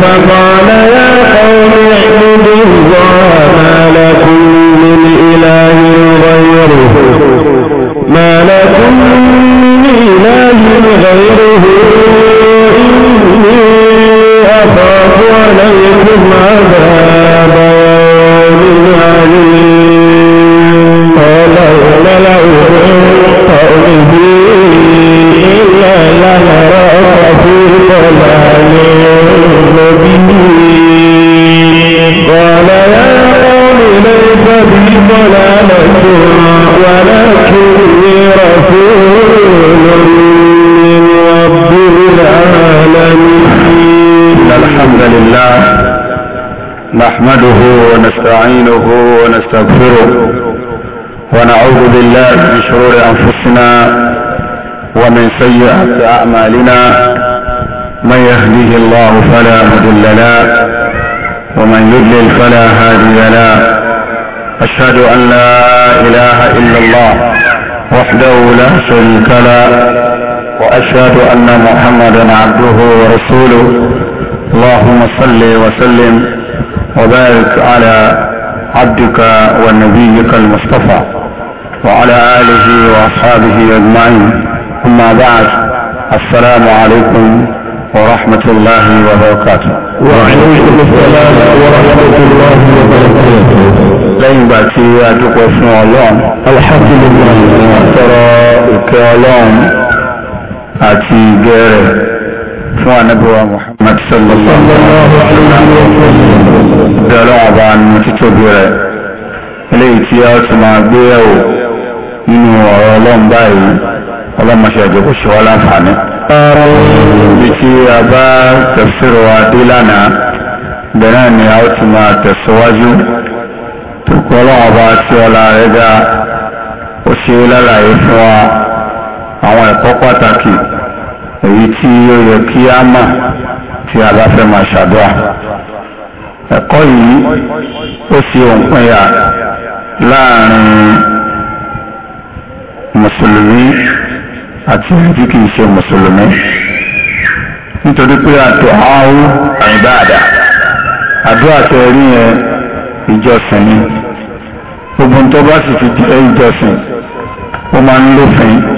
فقال يا نحمده ونستعينه ونستغفره ونعوذ بالله من شرور أنفسنا ومن سيئات أعمالنا من يهديه الله فلا مضل له ومن يضلل فلا هادي له أشهد أن لا إله إلا الله وحده لا شريك له وأشهد أن محمدا عبده ورسوله اللهم صل وسلم وبارك على عبدك ونبيك المصطفى وعلى آله وأصحابه أجمعين أما بعد السلام عليكم ورحمة الله وبركاته وعليكم السلام ورحمة الله وبركاته لين باتي يا a dúpẹ́ fún الحمد لله tọrọ ìkẹ́ ọlọ́run àti fún anábíwá Muhammad sallallahu alaihi wasallam dẹ̀rọ ọba nínú títóbi rẹ̀ eléyìí tí a ti máa gbé ẹ̀wò nínú ọ̀rọ̀ ọlọ́run báyìí ọlọ́mọṣẹ́ ìjọba ṣe wá láǹfààní. bí tí a bá tẹ̀síro adé lánàá bẹ̀rẹ̀ ni a ti máa tẹ̀síwájú tó kọ́ tí ọlá rẹ̀ ga ó ṣe lálàyé fún àwọn ẹ̀kọ́ pàtàkì èyí tí ó yẹ kí á mà tí a bá fẹ́ máa ṣàdúrà ẹ̀kọ́ yìí ó sì òǹpinya láàrin mùsùlùmí àti ẹni tí kìí ṣe mùsùlùmí nítorí pé àtọ̀ àáwú àìbáàdà àdúrà tẹ rí yẹn ìjọsìn ni gbogbo tó bá sì ti jẹ́ ìjọsìn ó máa ń lófin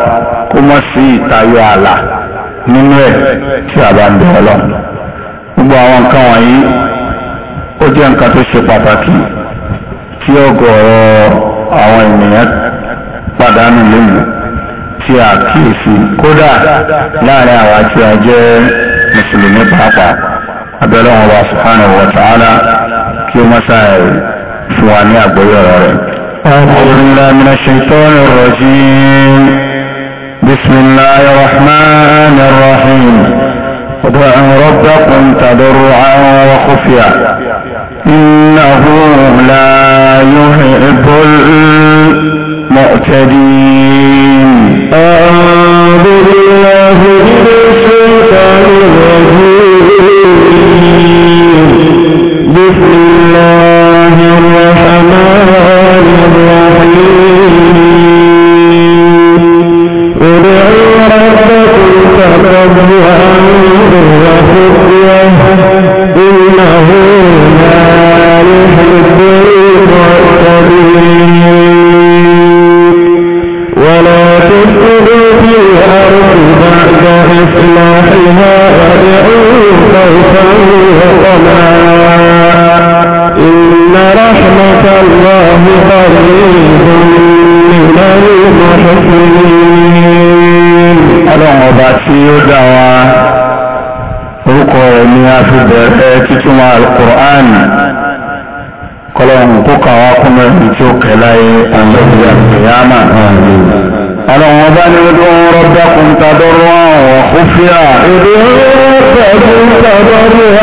má sí ìtayọ ààlà nínú ẹ̀ tí a bá ń bẹ ọlọ́run gbogbo àwọn nǹkan wọ̀nyí ó jẹ́ nǹkan tó ṣe pàtàkì tí ọ̀gọ̀ọ̀rọ̀ àwọn ènìyàn pàdánù lónìí tí a kíyèsí kódà láàrin àwa tí a jẹ́ mùsùlùmí pàápàá abẹ́lẹ́ wọn wá subhanahu wa ta'ala kí ó mọ́sá ẹ̀ fún wa ní àgbóyọ̀rọ̀ rẹ̀. أعوذ بالله من الشيطان الرجيم بسم الله الرحمن الرحيم ادعوا ربكم تضرعا وخفيا إنه لا يحب المعتدين أعوذ بالله من الشيطان الرجيم ọ̀rọ̀ ni a fi bẹ̀rẹ̀ títúmọ̀ alukur'an kọlọ́run kó kàn wá kún mẹ́rin tí ó kẹ́ láyé àlọ́bí àgbéyàmà. ọlọ́run ọba ni ó dún rọ́bẹ́kùn tàdọ́rọ́ àwọn kófíà. èdè rọ́bẹ́kùn tàdọ́rọ́ àwọn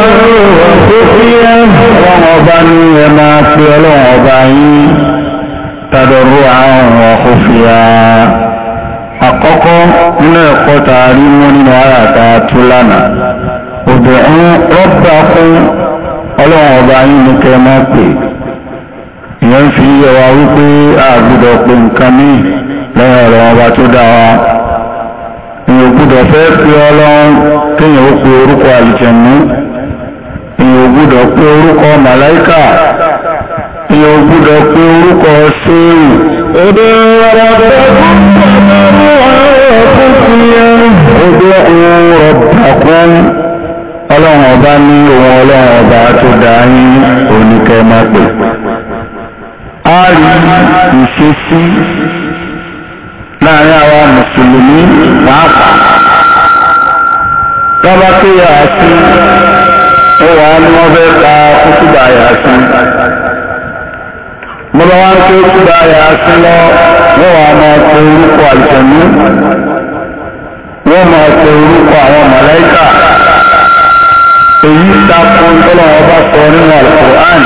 àkọ́kọ́ nínú ẹ̀kọ́ tààrí mú nínú ara tààtú lánàá òdò ẹ̀yìn rọ́bà fún ọba yín ní kẹ́ máa pè fi yẹ wípé àgbùdọ̀ pé nǹkan míì lẹ́yìn ọba tó dá wa èèyàn gbúdọ̀ fẹ́ pé ọlọ́run kéèyàn ó pe orúkọ àlìjẹ̀mú èèyàn gbúdọ̀ ọlọ́run ọba ní ohun ọlọ́run ọba tó dá yín oníkẹ́ máa pè á rí ìṣesí láàrin àwa mùsùlùmí pàápàá tọ́ba tó yà á sí ẹwà ni wọ́n fẹ́ ta kúkúbà yà á sí bọ́lá wá ń pé kúkúbà yà á sí lọ wọ́n wà máa pe orúkọ àjẹmí wọ́n máa pe orúkọ àwọn mọ̀lẹ́kà èyí takò tọ́lọ́wọ́ bá sọ nínú alukur'an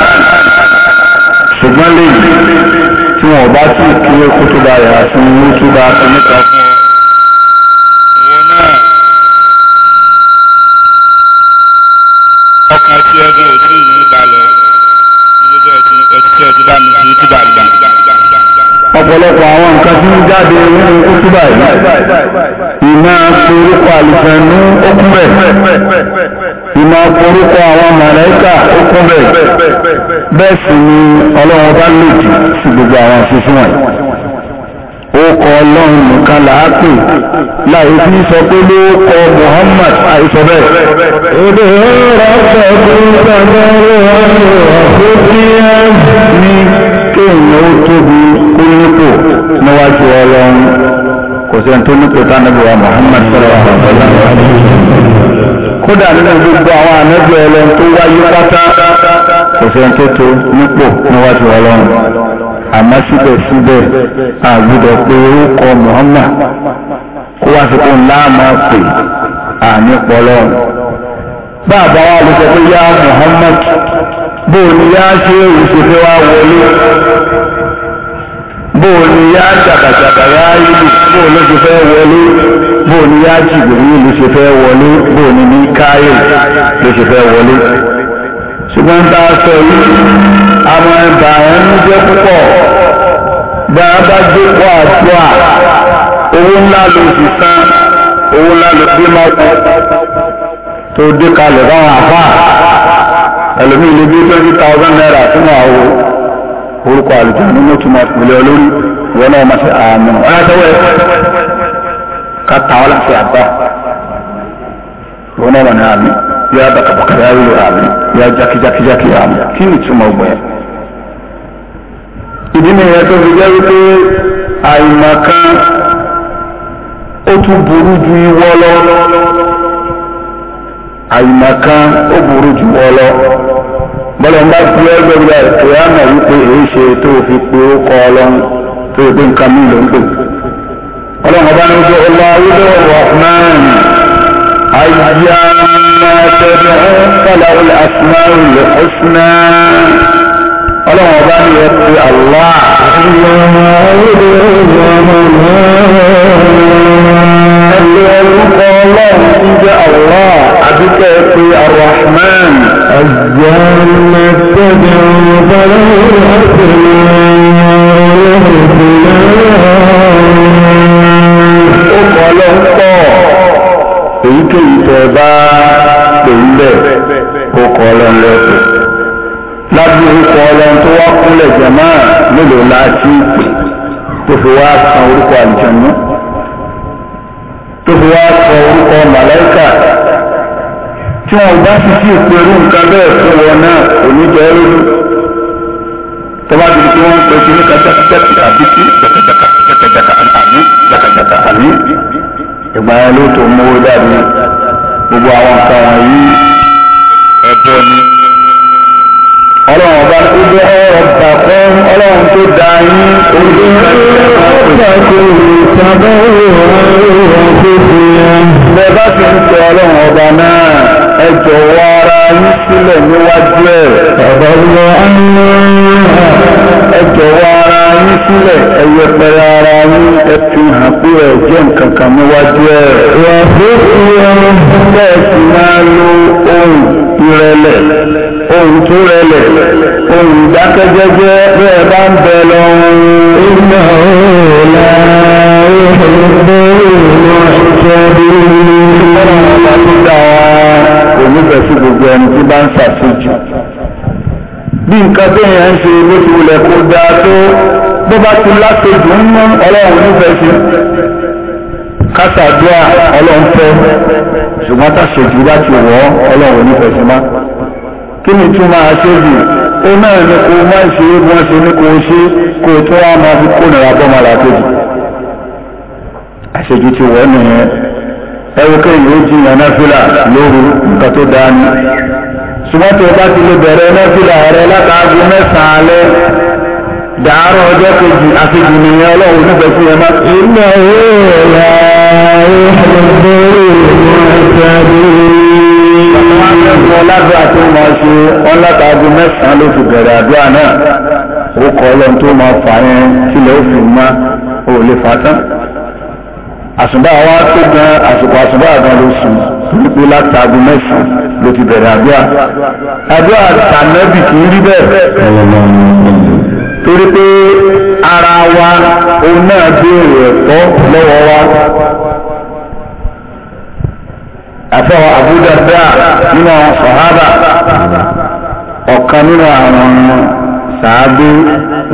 ṣùgbọ́n lẹ́yìn tí wọ́n bá sì kí ẹkú tó bá yàrá sí irú tó bá fi níta fún ọ. ìwọ náà ọkàn tí ẹgbẹ́ òtún ìlú balẹ̀ ọ̀pọ̀lọpọ̀ àwọn nǹkan tí ń jáde nínú kútúbà yìí ìná forúkọ àlùfẹ́ ní ókú bẹ̀ ìmọ̀ orúkọ àwọn mọ̀lẹ́kà ó kún bẹ́ẹ̀ bẹ́ẹ̀ sì ni ọlọ́run bá lòdì sí gbogbo àwọn àṣìṣe wọ̀nyí ó kọ ọlọ́run nìkan làápè láì fi sọ pé ló kọ Muhammad àìsọ bẹ́ẹ̀. èdè ọ̀rọ̀ ọ̀gbìn gbàgbọ́ ọ̀rọ̀ ọ̀gbìn ní kéèyàn ó tóbi kó nípò níwájú ọlọ́run kò sẹ́ni tó nípò tánàbíwá Muhammad sọ̀rọ̀ àwọn ọ̀gbìn kódà nínú gbogbo àwọn ànábì ọlọ́run tó wáyé pátá kò sẹ́ni tó tó nípò níwájú ọlọ́run àmọ́ síbẹ̀síbẹ̀ àgbọ́dọ̀ pé orúkọ Muhammad kó wá sí fún láàmà pè àní pọlọ́run bàbá wa ló sọ pé yá Muhammad bóò ni yá ṣe òṣèlú wa wọlé bóò ni yá jàgàjàgà yá ìlú bóò ló ti fẹ́ wọlé bó ni yá jìbìrì ló ṣe fẹ́ wọlé bó ni ní káyè ló ṣe fẹ́ wọlé ṣùgbọ́n tá a sọ yìí àwọn ẹ̀bà ẹnu jẹ́ púpọ̀ bá a bá gbé pọ̀ àdúrà owó ńlá ló sì san owó ńlá ló dé máa kú tó dé kalẹ̀ báwọn àfà ẹlòmíì lè gbé twenty thousand naira sínú àwo orúkọ àlùjá ni mo máa pèlè olórí ìwọ náà máa ṣe àmì ọ̀yà tẹ́wọ́ ẹ̀ ka tawa la fi abba wona wani ami ya baka baka ya wuli ami ya jaki jaki jaki ami kí ni túmọ̀ gbọ́ yẹn. ìdí nìyẹn tó fi jẹ́ wípé àìmọ̀kan ó tún burú ju ìwọ lọ àìmọ̀kan ó burú ju ìwọ lọ bọ́lá ń bá fi ẹgbẹ́ gbà tó yá mọ̀ wípé èyí ṣe tó fi pé ó kọ́ ọ lọ́run tó o pé nǹkan mi ló ń ọlọ́run ọba ní ojú ọlọ́ ayélujára rahman ayyama tẹ̀lé falahu al-asma'u al-husna ọlọ́run ọba ní ẹ̀kú allah. ẹ̀lẹ́ orúkọ ọlọ́run ti jẹ́ allah àdúgbò ẹ̀kú arahman. ayyama tẹ̀lé falahu al-asma'u al orúkọ ọlọ́run tó wá kúnlẹ̀ jẹ̀mọ́ mélòó la ti ń pè tó fi wá san orúkọ àlùjànnú tó fi wá sọ orúkọ màláìkà tí wọn bá ti sí ìpẹrù nǹkan bẹ́ẹ̀ fún wọn náà oníjẹ lójú tọ́ba ti di pé wọ́n ń pè sí ní kàtàkì àbí sí jàkàjàkà jàkàjàkà àní jàkàjàkà àní ìgbà yẹn ló tó mú owó dàbí gbogbo àwọn nǹkan wọ̀nyí ẹ̀bọ ni ọlọ́run ọba tó jẹ́ ọ̀rọ̀ fún ọlọ́run tó da yín ojú bẹ́ẹ̀ bá ti ń tẹ ọlọ́run ọba náà ẹ jọ̀wọ́ ara yín sílẹ̀ níwájú ẹ̀ ẹ jọ̀wọ́ ara yín sílẹ̀ ẹ yẹpẹrẹ ara yín ẹ hàn pé ẹ jẹ́ nǹkan kan níwájú ẹ̀ bẹ́ẹ̀ sì máa lo ohun ìrẹ̀lẹ̀ ohun tó rẹlẹ̀ ohun ìdákẹ́jẹ́jẹ́ bẹ́ẹ̀ bá ń bẹ lọ iná ọ̀la ìhẹ̀lẹ́gbẹ́ ìrìnàjò ọ̀la ọ̀la tó dáa kò nífẹ̀ẹ́ sí gbogbo ẹni tí bá ń ṣàṣejù bí nǹkan tó yẹn ń ṣe ló ti wulẹ̀ kó dáa tó bó bá ti láṣejù ń mú ọlọ́run nífẹ̀ẹ́ sí kásàdúrà ọlọ́run fẹ́ ṣùgbọ́n táṣejù bá ti wọ̀ ọlọ́run nífẹ̀ẹ́ sí máa kí ni tún máa ṣe jù ó náà ní kó má ṣe é wọ́n ṣe ní kó ṣe kó tó wá máa fi kó nira bọ́ máa làkejì àṣejù ti wọ́ nìyẹn ẹrú kéyìí ó jiyàn náfìlà lóru nǹkan tó dáa ni ṣùgbọ́n tó o bá ti lè bẹ̀rẹ̀ náfìlà rẹ látàgò mẹ́sàn-án alẹ́ dàárọ̀ ọjọ́ kejì àṣejù nìyẹn ọlọ́run nígbà tí ẹ má. ìnáwó ẹ̀yà ìṣòro ìrìnàjò fún ọládùá tó máa ṣe ọlátàájú mẹ́sàn-án ló ti bẹ̀rẹ̀ àdúrà náà ó kọ́ ọlọ́run tó máa fà yẹn kílẹ̀ ó fi má ó lè fà tán àṣùbà wa tó gan àsìkò àṣùbà gan ló sùn nípò látàgù mẹ́sàn ló ti bẹ̀rẹ̀ àdúrà àdúrà tànẹ́bì kì í rí bẹ́ẹ̀ torí pé ara wa òun náà béèrè ẹ̀tọ́ lọ́wọ́ wa àfọwọ́ àbúdàdà nínú àwọn sọ̀hábà ọ̀kan nínú àwọn sàábé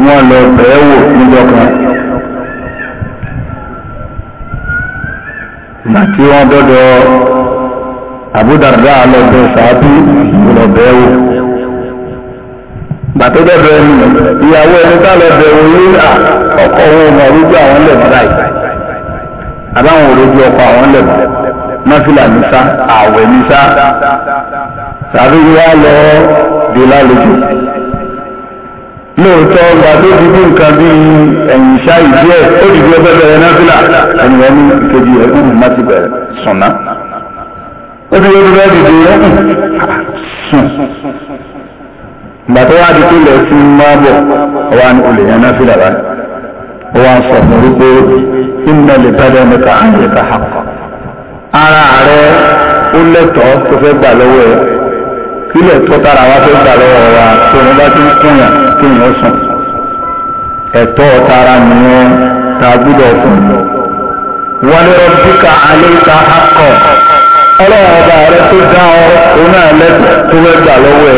wọn lọ bẹ̀ẹ́ wò níjọ tí wọ́n dọ́dọ̀ àbúdàdà lọ bẹ̀ sàábé lọ bẹ̀ẹ́ wò gbàtọ́ ẹni ìyàwó ẹni tá lọ bẹ̀ ní ọkọ̀ òun ọmọ orúkọ àwọn lẹ̀ báyìí àbáwọn ọkọ̀ àwọn lẹ̀ báyìí. náfìlà nísà àwẹ̀ nísà tàbí wá lọ dé lálejò lóòótọ́ ọgbà tó ti kú nǹkan bí ẹ̀yìn iṣá ìdí ẹ̀ ó dìbò ẹgbẹ́ bẹ̀rẹ̀ náfìlà ènìyàn ní ìkejì ẹ̀kú má ti bẹ̀rẹ̀ sùnà ó ti wọ́n bẹ́ẹ̀ dìbò ẹ̀kú sùn gbàtọ́ wá di tó lẹ̀ fún máa bọ̀ ọwọ́ àni olè yẹn náfìlà báyìí ó wá sọ fún wípé ìmọ̀lẹ̀ bá dẹ́nu ká àyè ká hàkọ́ ara rẹ ó lẹ́tọ̀ọ́ tó fẹ́ gbà lọ́wọ́ ẹ kílẹ̀ tó tara wa fẹ́ gbà lọ́wọ́ wa tó ní bá ti ń kúnyà kéèyàn sùn ẹ̀tọ́ tara nìyẹn tá gbúdọ̀ fún un. wọ́n ní rọ́bíkà àlééta akọ̀ ọlọ́run ọba rẹ tó dá ọ òun náà lẹ́tọ̀ọ́ tó fẹ́ gbà lọ́wọ́ ẹ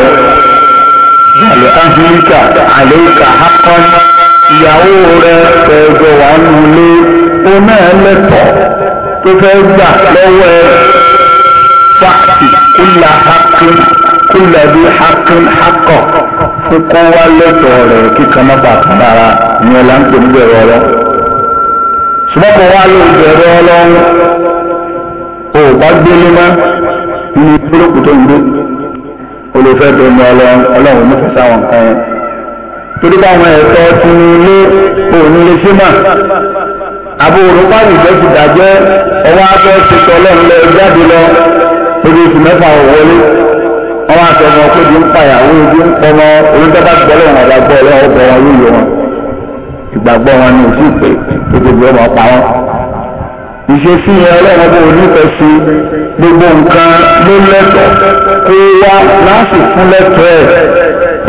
àlè áfíríkà àlééka akọ̀ ìyàwó rẹ pẹ̀lú wàá nulẹ̀ òun náà lẹ́tọ̀ọ́ tó fẹ́ gbà lọ́wọ́ ẹ fàtì kúlà hakin kúlà bí hakin hakọ̀ kókó wá lẹ́tọ̀ọ́ rẹ̀ kíkan má bàa kàn dára ìyẹn là ń pè ní bẹ̀rẹ̀ ọlọ́ ṣùgbọ́n kò wá lè bẹ̀rẹ̀ ọlọ́run ò bá gbélé mọ́ ní búlọ́kù tó ń gbé olùfẹ́ tó ń lọ ọlọ́run nífẹ̀ẹ́ sáwọn kan yẹn torí báwọn ẹ̀tọ́ ti ní ilé òun lè ṣe mà àbúrò pàmì ìjọ ti dàjẹ́ ọwọ́ abẹ́ ti sọ lọ́run lọ jáde lọ lórí oṣù mẹ́fà òwọlé ọwọ́ àti ọmọ tó di ń pàyàwó ibi ń pọnà onídàbà gbọ́lẹ̀ wọn àgbà gbọ́ ọlọ́wọ́ bọ̀ wọn yóò yọ wọn ìgbàgbọ́ wọn ni òsì pé gbogbo ọmọ pa wọn. ìṣesí yẹn ọlọ́run bó onífẹ̀ẹ́ sí gbogbo nǹkan ló lẹ́tọ̀ọ́ kó wá láti fún lẹ́tọ̀ọ́ ẹ̀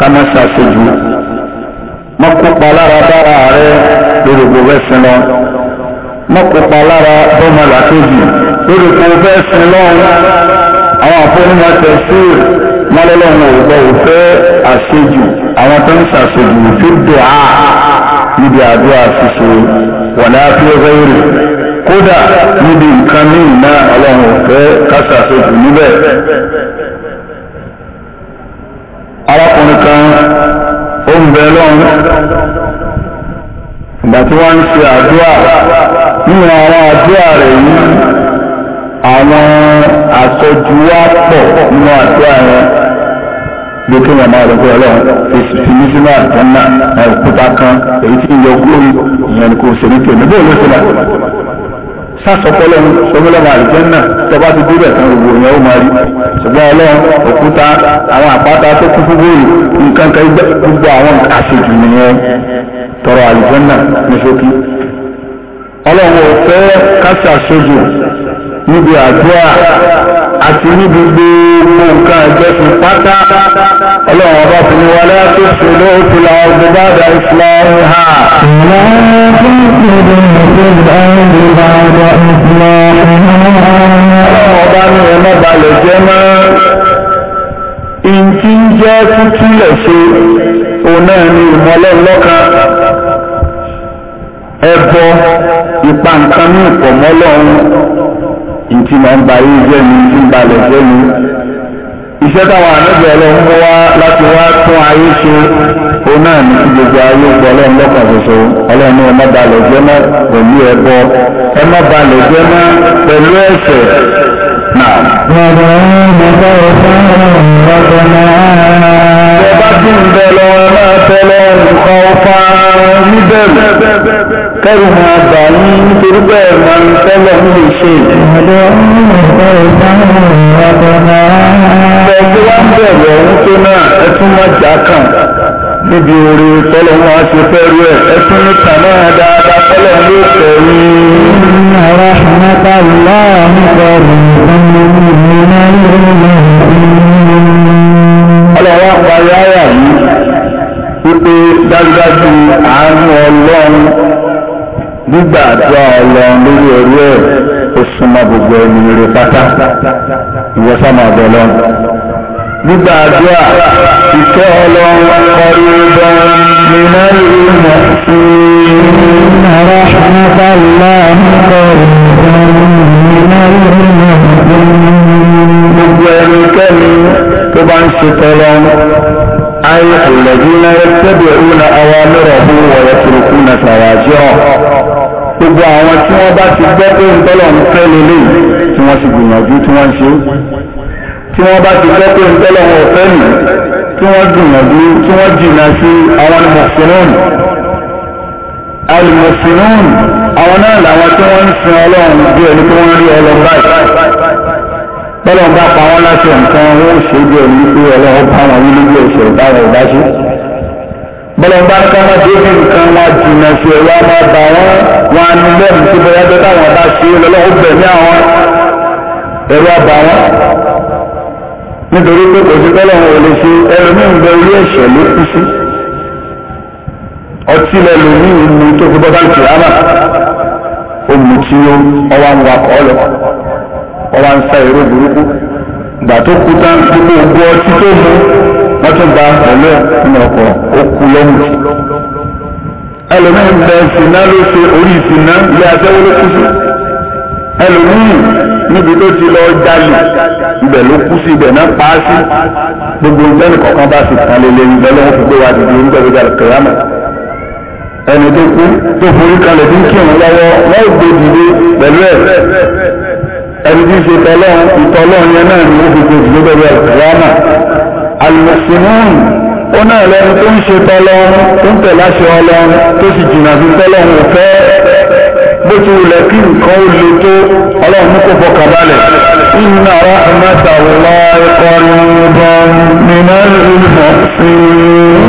ká má ṣàṣejù má kópa lára dára rẹ lórí kò fẹ́ sin lọ má kópa lára bọ́mọ làkejì lórí kò fẹ́ sin lọ àwọn àfọwọ́nìyàn tẹ̀ sí mọ́lẹ́lọ́run òwúgbọ́ òfẹ́ àṣejù àwọn tó ń ṣàṣejù fi dùn á níbi àdúrà ṣíṣe wọ̀lá fi ọgbẹ́ rẹ̀ kódà níbi nǹkan ní ìná ọlọ́run òfẹ́ káṣàṣejù níbẹ̀ arákùnrin kan ó ń bẹ lọ́run ìgbà tí wọ́n ń ṣe àdúrà nínú àwọn àdúrà rẹ̀ yìí àwọn àsọjú wa pọ̀ nínú àdúrà yẹn bí kí wọn máa rògbò ọlọ́run èsì ti ní sínú àdúrà náà òkúta kan èyí tí ń yọ kúrò ìyẹn kò ṣe ní tèmi bóyá ló ṣe náà sásọpọlọ sọmọlọmọ àlùjẹnà tọba ti dúró ẹsẹ gbogbo yẹn ó máa rí ṣùgbọ́n Ọlọ́run òkúta àwọn àpáta tó kún fún bóyì nǹkan kan gbogbo àwọn àṣejù nìyẹn tọrọ àlùjẹnà ní ṣókí Ọlọ́run ò fẹ́ kásì àṣejù níbi àdúrà àti ní gbogbo nǹkan ẹ̀jẹ̀sìn pátá ọlọ́run ọba fi ní wọlé tó ṣe lóòtú la ọdún bá da ìsìláàmù ha. ọlọ́run ọba ní ẹ̀mọ́ balẹ̀ jẹ́ mọ́ ìǹtí ń jẹ́ tútúlẹ̀ ṣe òun náà ni ìmọ̀lẹ́ lọ́kàn ẹ̀bọ ìpa ní ìpọ̀mọ́lọ́run ntí máa ń ba ayé jẹ́ ni ntí ń balẹ̀ jẹ́ ni. iṣẹ́ táwọn ànábì ọlọ́run ń wá láti wá tún ayé ṣe ó náà ní kí gbogbo ayé gbọ́ ọlọ́run lọ́kàn ṣoṣo ọlọ́run ní ẹ balẹ̀ jẹ́ mọ́ pẹ̀lú ẹbọ ẹ balẹ̀ jẹ́ mọ́ pẹ̀lú ẹ̀ṣẹ̀ náà. bàbá mi bá ọ fẹ́ràn ọ̀rọ̀ náà. bẹ́ẹ̀ bá tún bẹ́ẹ̀ lọ́wọ́ náà tẹ́lẹ̀ nǹkan ọ̀fà níbẹ̀rù kẹrù máa bà ní nítorí pé ẹ̀mà ń tẹ́lọ̀ ń lè ṣe ìgbẹ́ wá ń bẹ̀rẹ̀ ọ̀hún tó náà ẹtún má jà kàn níbi orí tọ́lọ̀ wọn á ṣe fẹ́ rú ẹ̀ ẹtún ní kàn náà dáadáa tọ́lọ̀ ń lè fẹ́ rí ọlọ́wọ́ parí ayà yìí wípé dájúdájú àánú gbígbà àdúrà ọlọ́run lórí orí ẹ̀ ó súnmọ́ gbogbo ẹni rẹ̀ pátá ìwọ sámà ọ̀dọ̀ ọlọ́run gbígbà àdúrà ìtọ́ ọlọ́run kọrí ọdún nínú ìlú sí ọ̀rọ̀ nípa ìlànà kọrí gbogbo ẹnikẹ́ni tó bá ń ṣe tọ́lọ́run ayé àlẹ́bí náà tẹ́bẹ̀ẹ́ òun àwọn amẹ́rọ̀ ọ̀hún wọ̀nyẹ́ fúrukú náà tàwájọ́ gbogbo àwọn tí wọ́n bá ti gbọ́ pé ntọ́lọ̀ ń fẹ́ lélẹ́yìn tí wọ́n sì gbìyànjú tí wọ́n ń ṣe tí wọ́n bá ti gbọ́ pé ntọ́lọ̀ wọn ò fẹ́ nìyí tí wọ́n gbìyànjú tí wọ́n jìnnà sí àwọn mùsùlùmí alùmùsùlùmí àwọn náà làwọn tí wọ́n ń sin ọlọ́run bí ẹni tí wọ́n rí ọlọ́run báyìí tọ́lọ́run bá pa wọ́n láti ọ̀nkan wọn ṣe bí ẹni pé ọlọ́run bá wọn wí lójú ẹ̀ṣẹ̀ ìbára ìbáṣe bá sábà débi nǹkan wọn jìnnà sí ẹ̀rọ ọmọ ọba wọn wọn á ní lẹ́nu tó bẹ̀rẹ̀ tó táwọn bá ṣe lọ́lọ́wọ́ bẹ̀mí àwọn ẹ̀rọ ọba wọn. nítorí pé kò sí tọ́lọ̀ wọn ò lè ṣe ẹlòmíín bẹ orí ẹ̀ṣẹ̀ ló kú sí ọtí lẹ́lòmíín ni tó fi bọ́ ń kì á mà omi tí ọwọ́ ń wakọ̀ ọ lọ ọwọ́ ń sa èrò burúkú gbà tó kú tán gbogbo ọtí tó mú wọ́n tún gba pẹ̀lú ẹ̀ nínú ọkọ̀ okú lọ́mù. ẹlòmíín bẹ ṣìnà ló ṣe orí ìṣìnà ilé aṣẹ́wó ló kú sí. ẹlòmíín níbi tó ti lọ jalè ibẹ̀ ló kú sí ibẹ̀ náà pa á sí. gbogbo ìgbẹ́ni kọ̀ọ̀kan bá sì kan lè lè ní lọ́wọ́ fi gbé wa dìde nígbà tó jalè kẹ̀yàmẹ̀. ẹni tó kú tó forí kalẹ̀ tí ń kírun lọ́wọ́ wọ́n gbé dìde pẹ̀lú ẹni tí ń ṣe tọ́lọ́ alùsùnmùn ó náà lẹ́nu tó ń ṣe tọ́lọ́run tó ń tẹ̀láṣẹ ọlọ́run tó sì jìnnà sí tọ́lọ́run fẹ́ bó ti wulẹ̀ kí nǹkan ó le tó ọlọ́run kò fọkàn balẹ̀ inna rahmata Allahi qariban minal muhsinin.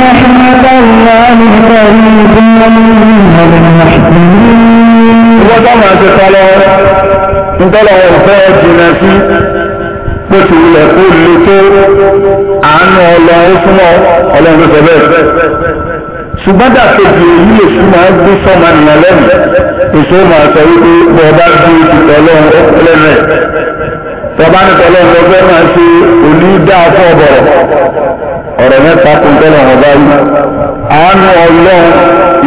rahmata Allahi qariban minal muhsinin. wọ́n sábà ti tọ́lọ́ ọ̀fẹ́ jìnnà sí bó ti wulẹ̀ kó le tó àánú ọlọ́run fún ọ ọlọ́run ló sọ bẹ́ẹ̀. ṣùgbọ́n dàkejì èyí lè fún máa gbé sọ́mà nìyẹn lẹ́nu èso máa sọ wípé bọ́ ọba gbé ìtìtọ́ ọlọ́run ó pẹ́lẹ́ rẹ̀ tọ́ba nìkan ọlọ́run lọ́fẹ́ máa ṣe onídà fún ọ̀bọ̀rọ̀ ọ̀rọ̀ mẹ́ta kún tọ́lọ̀ ọba yìí àánú ọlọ́run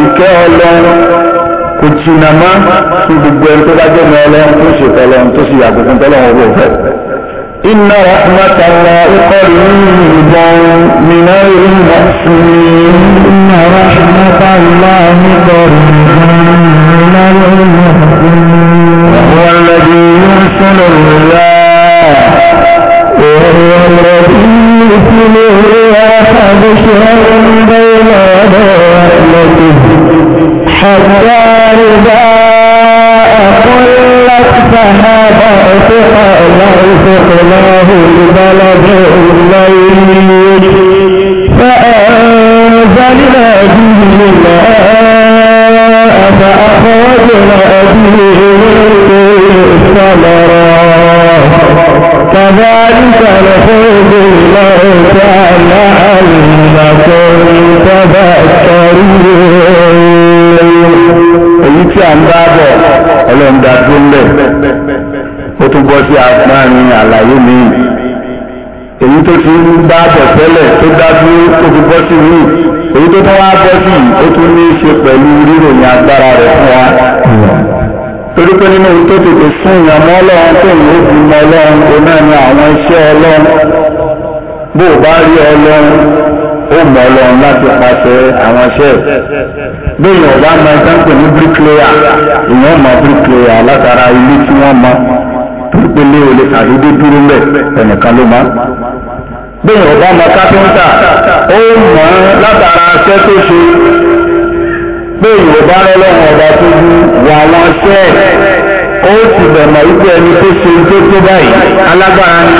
ìkẹ́ ọlọ́run kò jìnnà má kí gbogbo ẹni tó bá jẹ́ mi ọlọ́run tó ṣètò ọlọ́run tó sì yàgò fún tọ́lọ̀ ọba إن رحمة الله قريبا من المحسنين إن رحمة الله قريبا من المحسنين هو الذي يرسل الله وهو الذي يرسل الله بشرا الموت فأنزلنا به الماء فأخرجنا به الثمرات كذلك نخرج الموتى لعلكم تذكرون èyí tí a ń bá bọ̀ ọlọ́run dá dúró ń bẹ̀ ó tún bọ́ sí agbárin àlàyé míì tó ti ń bá bọ̀ tẹ́lẹ̀ tó dájú tó fi bọ́ sí yìí èyí tó tún wá bọ́ sí yìí ó tún ní í ṣe pẹ̀lú ríròyìn agbára rẹ̀ fún wa torí pé nínú ohun tó tètè sún ìyàmọ́ ọlọ́run tó ń lò bí mọ ọlọ́run tó náà ní àwọn iṣẹ́ ọlọ́run bó o bá rí ọlọ́run ó mọ ọlọ́run láti pàṣẹ àwọn iṣẹ́ bí èèyàn ọba mọ ẹgbẹ́ ń pè ní bricklayer èèyàn mọ bricklayer látara ilé tí wọ́n mọ torí pé lé olè àdúgbò dúró mẹ́ ẹnìkan ló máa bẹ́ẹ̀ ọ̀gá ọmọ kápẹ́ńtà ó mọ̀ ọ́n látara aṣẹ́ tó ṣe bẹ́ẹ̀ yorùbá lọ́lọ́run ọba tó ju wà wọn ṣẹ́ ó sì bẹ̀mọ̀ wípé ẹni tó ṣe tó tó báyìí alágbára ni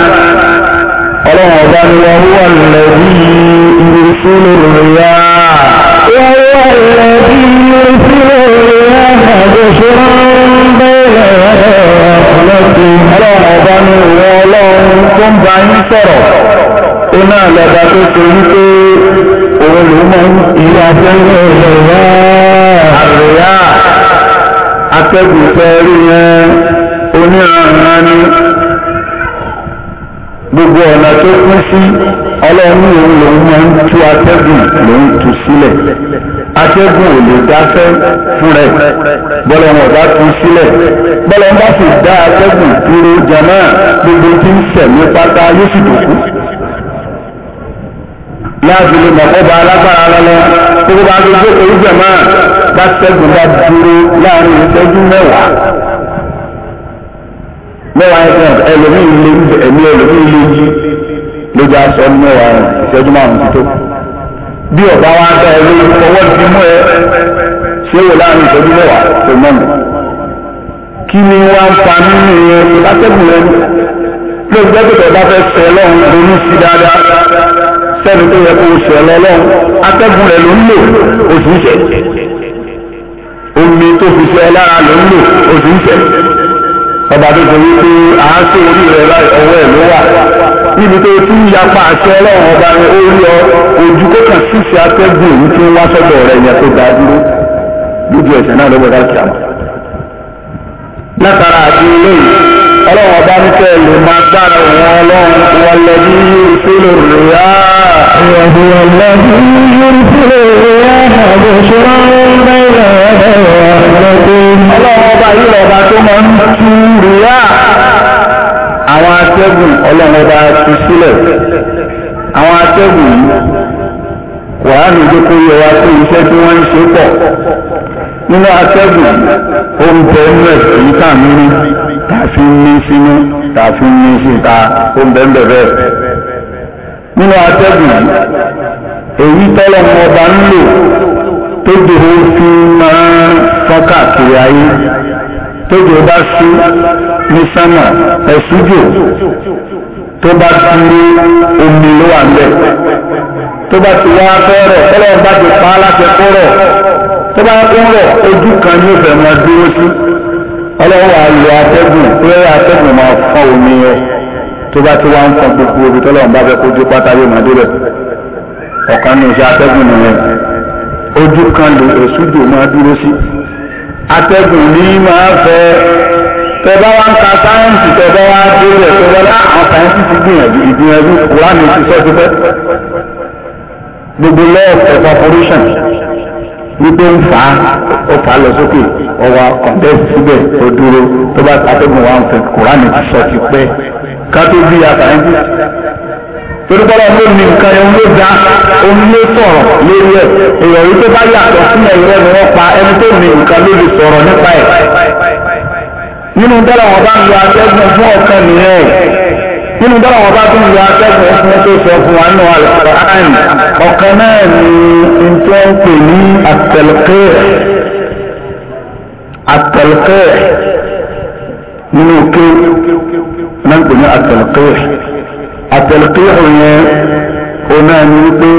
ọlọ́run ọba ni wọ́n wúwà lẹ́bí ìrísí lórí yá. wọ́n wà lẹ́bí ìrísí lórí yá àgbẹ̀ṣọ́ ń bẹ̀rẹ̀ ọ̀pọ̀lọpọ̀ ọlọ́run ọba ni wọ́n ọlọ́run tó ń bá yín sọ̀rọ̀ ó náà lọ́ba tó ṣe wípé òun ló máa ń ilé atẹ́gùn ẹ̀rọ àríyá atẹ́gùn fẹ́ẹ́rí yẹn oníranran ni gbogbo ọ̀nà tó pín sí ọlọ́run òun lòun máa ń tú atẹ́gùn lòun tú sílẹ̀ atẹ́gùn ò lè dáfẹ́ fún rẹ̀ bọ́lá wọn tú sílẹ̀ bọ́lá bá sì dá atẹ́gùn dúró jẹ náà gbogbo tí ń sẹ̀mí pátá yóò sì dòkú láti lè mọ̀ ọba alágbára lọ́lọ́ gbogbo bá ti gbé pẹ̀lú jẹ̀mọ́ bá ṣẹ́gun bá dúró láàrin ìṣẹ́jú mẹ́wàá mẹ́wàá ẹ̀sẹ̀ ẹlòmíì lè ẹ̀mí ẹlòmíì lè yí lójú aṣọ mẹ́wàá ìṣẹ́jú márùn-ún ti tó bí ọba wa bẹ ẹ lórí fọwọ́ ti mú ẹ ṣé wò láàrin ìṣẹ́jú mẹ́wàá tó mọ́nu kí ni wá ń pa nínú yẹn látẹ́gùn yẹn lóògbé tó bá fẹ́ sẹ́ lọ́run ronú sí dáadáa lẹ́nu tó yẹ kó o sọ lọ́lọ́run atẹ́gùn rẹ̀ ló ń lò oṣù ń tẹ̀ omi tó fi sọ lára ló ń lò oṣù ń tẹ̀ ọba tó sọ wípé àásù orí rẹ̀ láì ọwọ́ ẹ̀ ló wà níbi tó tún yapa àṣẹ ọlọ́run ọba rẹ̀ ó rí ọ ojú kó kàn sí ṣe atẹ́gùn èyí tí ń wá sọ́dọ̀ rẹ̀ yẹn tó dáa dúró lójú ẹ̀sẹ̀ náà lọ́gbọ̀dá kìá látara àti eléyìí ọlọ́run ọba ní kẹ́ lè máa gbára wọn ọlọ́run wọn lọ ní ìrìsílẹ̀ rẹ̀ á. ìyàwó ọ̀la ní ìrìsílẹ̀ rẹ̀ á àbò ṣọ́ra ń bẹ̀rẹ̀ ọlọ́run ọba yìí lọ́ba tó máa ń tú rẹ̀ àwọn atẹ́gùn ọlọ́run ọba tú sílẹ̀ àwọn atẹ́gùn yìí wàhálà ìjókòó yẹ wá sí iṣẹ́ tí wọ́n ń ṣe pọ̀ nínú atẹ́gùn ó ń bẹ inú tààfi ní sínú tààfi ní síta ó ń bẹ́ẹ̀ bẹ́ẹ̀ nínú atẹ́gùn èyí tọ́lọ̀ mọ ọba ń lò tó dòwó fi máa ń fọ́n káàkiri ayé tó dòwó bá sí ní sánà ẹ̀sùjò tó bá dúró omi ló wà ńbẹ̀ tó bá ti wá fẹ́rẹ̀ tọ́lọ̀ bá ti pa á láti kúrọ̀ tó bá ń ojú kan ní ìfẹ̀mọ́ dúró sí ọlọ́wọ́ wa lo atẹ́gùn tó yẹ atẹ́gùn máa fọ́ omi ẹ tó bá ti wá ń fọn gbogbo omi tó lọ́wọ́ bá fẹ́ kó dé pátá yóò máa débẹ̀ ọ̀kan ní iṣẹ́ atẹ́gùn nìyẹn ojú kan lè èsúdò máa dúró sí atẹ́gùn ní máa fẹ́ tẹ bá wá ń ka sáyẹ́ǹsì tẹ bá wá débẹ̀ tẹ bá lá àwọn sáyẹ́ǹsì ti gbìyànjú ìgbìyànjú kúránì ti sọ́ọ́ ti fẹ́ gbogbo lọ́ọ̀ ẹ̀fọ́ foundation wípé ń fà á ó fà á lọ sókè ọwọ́ kọ̀ǹdẹ́sì síbẹ̀ tó dúró tó bá atẹ́gùn wa ń fẹ́ kùránì ti sọ ti pẹ́ ká tó bí àtàyẹ́ntì torí bọ́lá ló ní nǹkan ẹ̀ ló dá òun ló sọ̀rọ̀ lórí ẹ̀ èèyàn yìí tó bá yàtọ̀ sílẹ̀ ìrẹ́ ni wọ́n pa ẹni tó ní nǹkan ló lè sọ̀rọ̀ nípa ẹ̀ nínú dọ́là wọn bá ń lo atẹ́gùn fún ọ̀kan nìyẹn nínú dọ́là wọn bá tún lu akẹ́kọ̀ọ́ fún tó sọ fún wa nínú alukur'an ọ̀kan náà ni nǹkan ń pè ní àtẹ̀lẹ́kẹ́ àtẹ̀lẹ́kẹ́ nínú ké náà ń pè ní àtẹ̀lẹ́kẹ́ àtẹ̀lẹ́kẹ́ yẹn ó náà ní wípé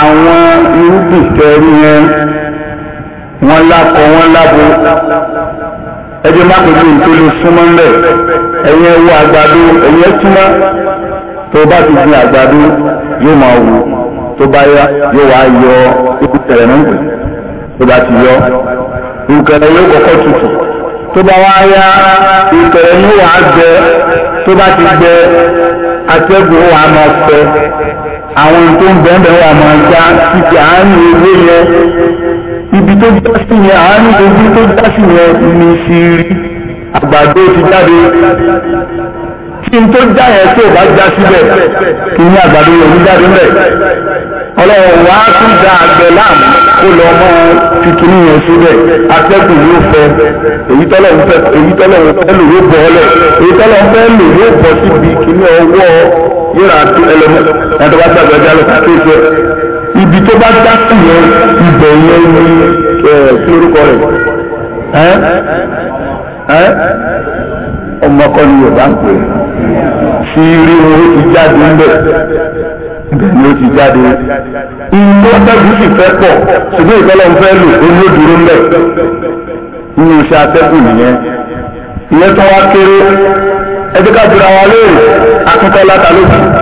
àwọn irúgbìn fẹ́ẹ́ yẹn wọ́n lákọ̀ wọ́n lábo ẹjọ́ má pẹ̀lú nítorí súnmọ́ ńlẹ̀ ẹ̀yìn ẹwọ́ àgbàdo ẹ̀yìn ẹtúmọ́ tó bá ti gbin àgbàdo yóò máa wù tó bá yá yóò wá yọ ikú tẹ̀rẹ̀ náà pè tó bá ti yọ nkẹrẹ yóò kọ́kọ́ tutù tó bá wá yá nkẹrẹ yóò wá gbẹ tó bá ti gbẹ atẹ́gùn wà máa fẹ́ àwọn tó ń bẹ̀ẹ́ bẹ̀ẹ́ wà máa já títí àárín ewé yẹn ibi tó já sí yẹn àárín ojú tó já sí yẹn ni sírí àgbàdo ti jáde kí n tó já yẹn tó bá já síbẹ̀ kí ní àgbàdo yẹn ní jáde ńbẹ̀ ọlọ́run wá tún da àgbẹ̀ láàmú kó lọ mọ́ tuntun yẹn síbẹ̀ atẹ́gùn yóò fẹ́ èyí tọ́lọ̀ ń fẹ́ èyí tọ́lọ̀ ń fẹ́ lò yóò bọ̀ ọ́lẹ̀ èyí tọ́lọ̀ ń fẹ́ lò yóò bọ̀ síbi kí ní ọwọ́ yóò rà ẹlẹ́mú ẹ̀dọ́gbàgbàgbà jálọ̀ ibi tó bá dákú yẹn ibẹ̀ yẹn ẹ̀ kí lórúkọ rẹ̀ ẹ́ ọmọkọ ni yorùbá ń pè sí rí owó ti jáde ńbẹ ibẹ̀ ni ó ti jáde inú ọ̀tẹ́gùn sì fẹ́ pọ̀ ṣùgbọ́n ìfẹ́lẹ́ ń fẹ́ lò ó ní òdúró ńbẹ nínú iṣẹ́ atẹ́gùn nìyẹn ìyẹn tó wá kéré ẹjẹ́ ká wa lóore akíntọ́lá ta ló fi.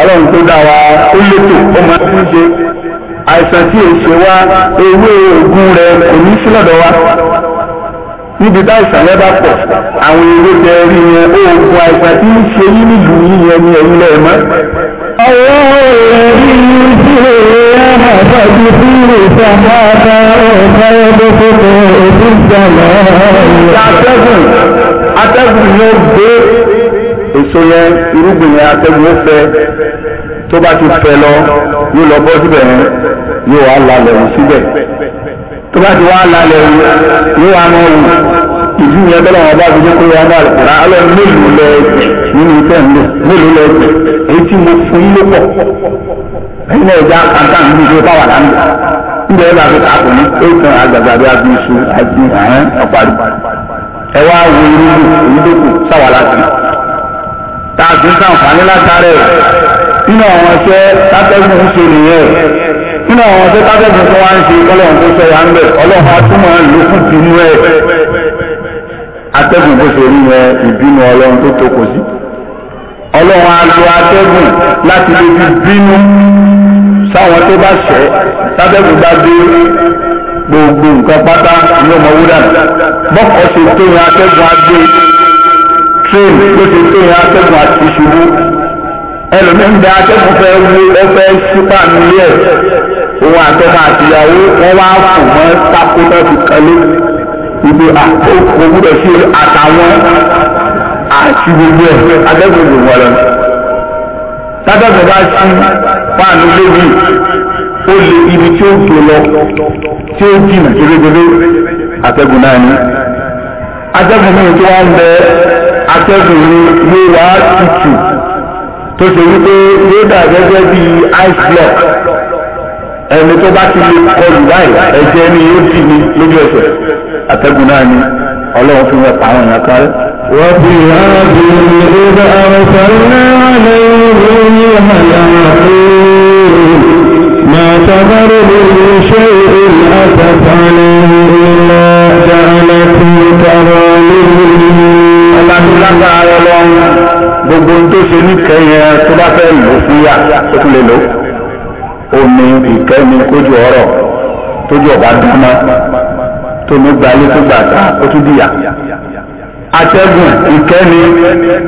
ọlọ́run tó dá wa ó lótò ó máa ń ṣe àìsàn tí è ṣe wá ewé ògùn rẹ̀ kò ní sí lọ́dọ̀ wa níbi tá àìsàn yẹn bá pọ̀ àwọn ewé tẹ rí yẹn oògùn àìsàn tí ń ṣe yín nílùú yín yẹn ni ẹ̀yin lẹ́ẹ̀ mọ́. ọwọ́ èyí tí èèyàn àgbà ti fi lè fa máta ọ̀sán ẹgbẹ́ tó kọ òfin jàmọ́. atẹ́gùn atẹ́gùn yóò gbé èso yẹn irúgbìn yẹn atẹ́gùn ó fẹ́ tó bá ti fẹ́ lọ yóò lọ bọ́ síbẹ̀ yẹn yóò wá lálẹ́ òun síbẹ̀ tó bá ti wá lálẹ́ òun yóò wá mọ òun ìdí yẹn bẹ́ẹ̀ wọn bá fi dé kúrò wọn bá rẹ̀ rà á lọ mélòó lẹ nínú iṣẹ́ mi mélòó lẹ èyí tí mo fún yín ló pọ̀ ẹ̀yin náà já kàńtà mi níbi báwa là ń lò níbi ẹ̀ bá fi kàkùn ní èèkàn àgbàgbà bí a fi iṣu àti àhán ọ̀pá ẹ̀ wá wo irú ìlú ìlú dókòó sáwà láti náà tààtì sàǹfààní látàrẹ nínú àwọn ẹsẹ tátẹgùn ń ṣe nìyẹn nínú àwọn ẹsẹ tátẹgùn tó wá ń ṣe ọlọ́run tó sọ ya ń bẹ ọlọ́run atúmọ̀ lókùn ti nú ẹ atẹ́gùn tó ṣe rí yẹn ìbínú ọlọ́run tó tó kò sí ọlọ́run á lo atẹ́gùn láti lè fi bínú sáwọn tó bá ṣẹ̀ tátẹ́gùn bá dé gbogbo nǹkan pátá ní ọmọ wúdà bọ́kọ̀ ṣe tó yẹn atẹ́gùn á gbé train ló ti tó yẹn akẹ́kọ̀ọ́ àti ìṣubú ẹlòmíín bẹ akẹ́kọ̀ọ́ fẹ́ wú ọfẹ́ sípà nílé ẹ̀ òun àtọ́mọ àtìyàwó wọ́n wá fò mọ́ pákó náà fi kọ́lé ibi ògbúdọ̀ sí àtàwọn àti gbogbo ẹ̀ akẹ́kọ̀ọ́ gbogbo ọ̀rẹ́ tábẹ́kọ̀ bá sí fáànù lébi ó lé ibi tí ó gbé lọ tí ó jìnà gẹ́gẹ́gẹ́ atẹ́gùn náà ni atẹ́gùn náà tó wá ń bẹ́ẹ́ atẹ́gùn ni yóò wá tutù tó ṣe wípé yóò dà gẹ́gẹ́ bí ice block ẹni tó bá ti lè kọlù báyìí ẹ̀jẹ̀ ni yóò dì ní lójú ẹsẹ̀ atẹ́gùn náà ni ọlọ́run fún wọn pa àwọn èèyàn kárẹ́. wọ́n fi ààbò ìrora àròsàn náà lẹ́yìn lórí àyàfi ما تذر من شيء أتت عليه lágbára rẹ lọ́rùn gbogbo tó ṣe níkẹyẹ tó bá fẹ́ lò fún yà ó tún lè lò omi ìkẹ́ni kójú ọ̀rọ̀ tójú ọ̀bá dáná tómi gbalé tó gbàgbà ó tún dìyà atẹ́gùn ìkẹ́ni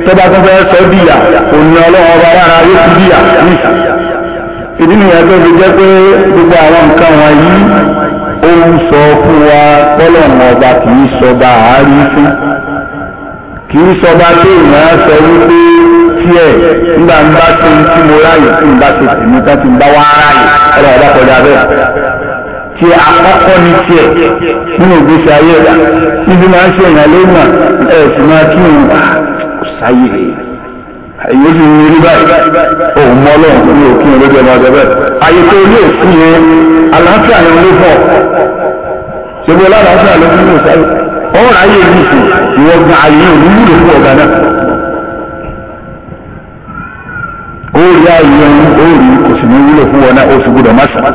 tó bá tún fẹ́ sọ dìyà òní ọlọ́run ọba lára yóò tún dìyà níṣà ìdí nìyẹn tó fi jẹ́ pé gbogbo àwọn nǹkan wọ̀nyí ó ń sọ fún wa tọ́lọ̀mọba kì í sọ bá a rí fún kì í sọba tó ìyàn sọ wípé tiẹ̀ nígbà ń bá ti tí mo ráyè tí ń bá ti tì mí tán ti ń bá wá ráyè ọ̀rọ̀ ọ̀dà kọjá bẹ́ẹ̀ ti àkọ́kọ́ ní tiẹ̀ nínú ìgbésí ayé ẹ̀dá níbi máa ń ṣe ìyàn lónà ẹ̀ sì máa kí n sáyé èyí ó sì ń rí báyìí òun mọ́ lọ́hùn ní òkú ìlú ọjọ́ ọjọ́ bẹ́ẹ̀ ayé tó ilé òkú yẹn àlàáfíà yẹn ló bọ̀ ṣe bí ọlọ́run àlàáfíà ló fi ń lò sáyé ọ̀rọ̀ ayé yìí sùn ìwọ gan ayé yìí òní wúlò fún ọ̀gá náà. ó rí ayé yẹn ó rí kò sì ní wúlò fún ọ náà ó sì gbúdọ̀ má sàn.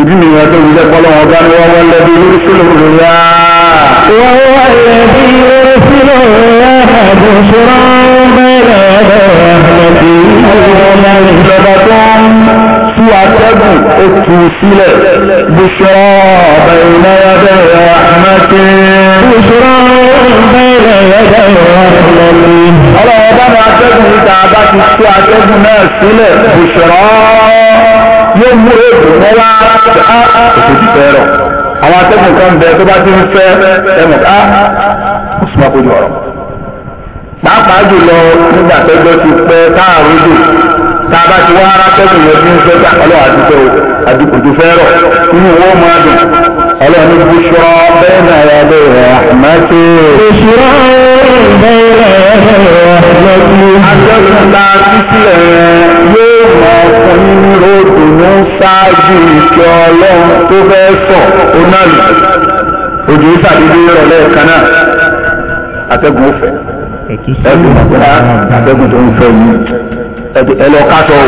ìdí nìyẹn tó ń lẹ́gbọ́n lọ́wọ́ bá ní wọ́n lẹ́bí lórí sílò rẹ̀ wọ́n wá lẹ́bí lórí sílò rẹ̀ àbùsùn rán bẹ́ẹ̀ lọ́wọ́ atẹ́gùn ó tu sílẹ̀ bùsùrọ̀ ọ̀bẹ ìlẹ́yẹdẹ rẹ̀ àmọ́tí. bùsùrọ̀ ọ̀bẹ ìlẹ́yẹdẹ rẹ̀ àmọ́tí. ọlọ́wọ́ bá ní atẹ́gùn níta bá ti tú atẹ́gùn náà sílẹ̀ bùsùrọ̀ yóò mú èdè wọn wá òṣèlú fẹ́rọ̀ àwọn atẹ́gùn kan bẹ tó bá ti ń fẹ́ ẹ̀mọ̀ ká ó sì máa kójú ọ̀rọ̀ pàápàá jùlọ nígbà tẹ́jọ́ ti pẹ́ káàró dùn tàbá ti wá ara tẹ́sùn yẹn fún fẹ́ gbà ọlọ́wà àdúgbò àdìkùtù fẹ́rọ̀ nínú wọ́n máa dùn ọlọ́ni bùsùrọ̀ bẹ́ẹ̀ náà yà bẹ́ẹ̀ rẹ̀ àmọ́tò. bùsùrọ̀ bẹ́ẹ̀ rẹ̀ àmọ́tò. àjọyọ̀ ta sísílẹ̀ yóò máa fún ròdù ní ṣáájú ìṣe ọlọ́run tó fẹ́ sọ onáàlú òjò ìsàdédé rọ̀ lẹ́ẹ̀kan náà atẹ́gùn ó fẹ́ ẹ̀kú tó ń fẹ́ yìí ẹlọ kásọ o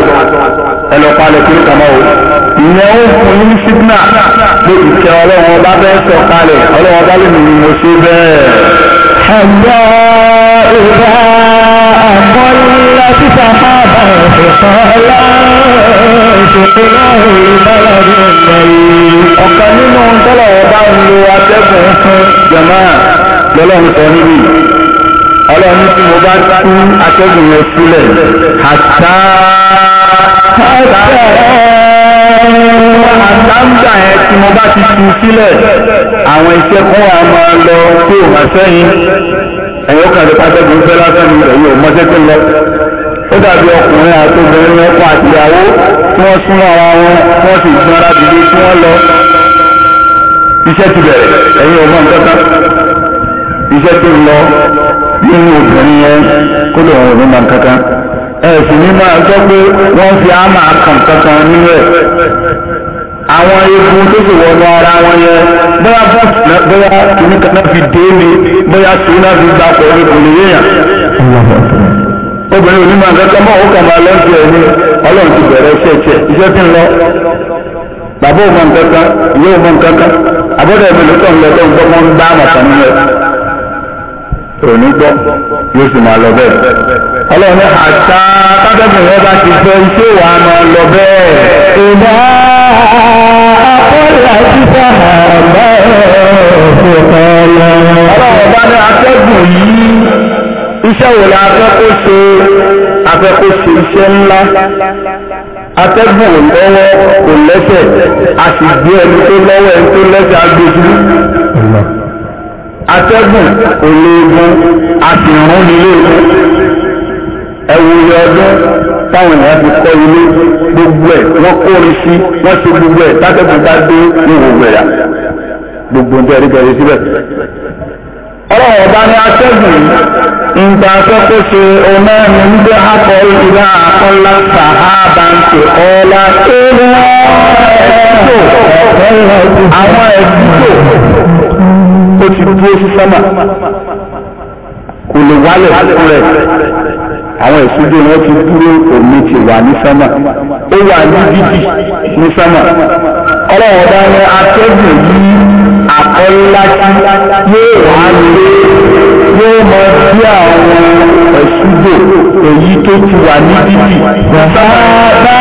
ẹlọ palẹ kiri kama o ìyẹn ó fún yín sígínà pé ìkẹ́ ọlọ́run ọba bẹ́ẹ̀ sọ kalẹ̀ ọlọ́run ọba lè nìyí mo ṣe bẹ́ẹ̀. ẹ̀yọ́ ìgbà àkọlẹ̀ títà máa bá ìfẹ̀sọ̀ ìṣòfin náà ìbára ní ọ̀nà yìí. ọ̀kan nínú tọ́lọ̀ ọba ń lo atẹ́gùn fún jẹ̀máà lọ́lọ́run sọ níbí ọlọ́run tí mo bá tú atẹ́gùn yẹn sílẹ̀ àtà àtà àtàǹgbà yẹn tí mo bá ti tú sílẹ̀ àwọn iṣẹ́ kan wà máa lọ sí òun àsẹ́yìn ẹ̀yìn ọkàn lè pàtẹ́gùn fẹ́ lásán ní ìrẹ̀yìn ò mọ́ṣẹ́ tó lọ ó dàbí ọkùnrin àtòbìnrin ọkọ àtìyàwó tí wọ́n súnmọ́ ara wọn wọ́n sì gbọ́nra dìde tí wọ́n lọ iṣẹ́ ti bẹ̀rẹ̀ ẹ̀yìn ọmọ nǹkan kan iṣẹ́ tó lọ nínú obìnrin yẹn kó lè wọn òun máa kankan ẹ a ní máa gbọ́ pé wọ́n fi àmà kàn kankan nínú ẹ̀ àwọn egun tó sì wọnú ara wọn yẹn bóyá bóyá fi dé mi bóyá fi gba pọ̀ ní yéèyàn obìnrin onímọ̀ kankan bọ̀ ó máa lọ́sẹ̀ ẹni ọlọ́run ti bẹ̀rẹ̀ iṣẹ́ iṣẹ́ ti ń lọ bàbá òun mọ̀ nǹkan ìyá òun mọ̀ nǹkan àbọ̀dọ̀ ń lọ tó ń gbọ́ òní gbọ́ yóò sì máa lọ bẹ́ẹ̀. ọlọ́run ní àṣà tábẹ́bùn yẹn bá ti fẹ́ iṣẹ́ wa máa lọ bẹ́ẹ̀. ìdá akọ́lá títà àbá òkè lọ. ọlọ́run bá ní atẹ́gùn yìí iṣẹ́ wo la fẹ́ kó ṣe afẹ́ kó ṣe iṣẹ́ ńlá atẹ́gùn lọ́wọ́ kò lẹ́sẹ̀ a sì gbé ẹni tó lọ́wọ́ ẹni tó lẹ́sẹ̀ agbèjú. E atẹ́gùn olóògùn àtìrún nílé ẹwù ilé ọdún táwọn èèyàn ti kọ́ ilé gbogbo ẹ̀ wọ́n kórin sí wọ́n ṣe gbogbo ẹ̀ tátẹ́gùn bá dé ní gbogbo ẹ̀yà gbogbo ń tẹ́rí síbẹ̀. ọba ní atẹ́gùn nta akẹ́kọ̀ọ́ ṣe ọmọ nígbà akọ ìlà sàhábà ń dúró sí sánmà kò lè wálẹ̀ fún rẹ̀ àwọn ìṣújú wọn ti dúró òní ti wà ní sánmà ó wà ní dídì ní sánmà ọlọ́run bá wọn atẹ́gùn yìí àkọ́láṣí yóò wá lé yóò mọ bí àwọn ẹ̀ṣúgbò èyí tó ti wà ní dídì. bàbá bá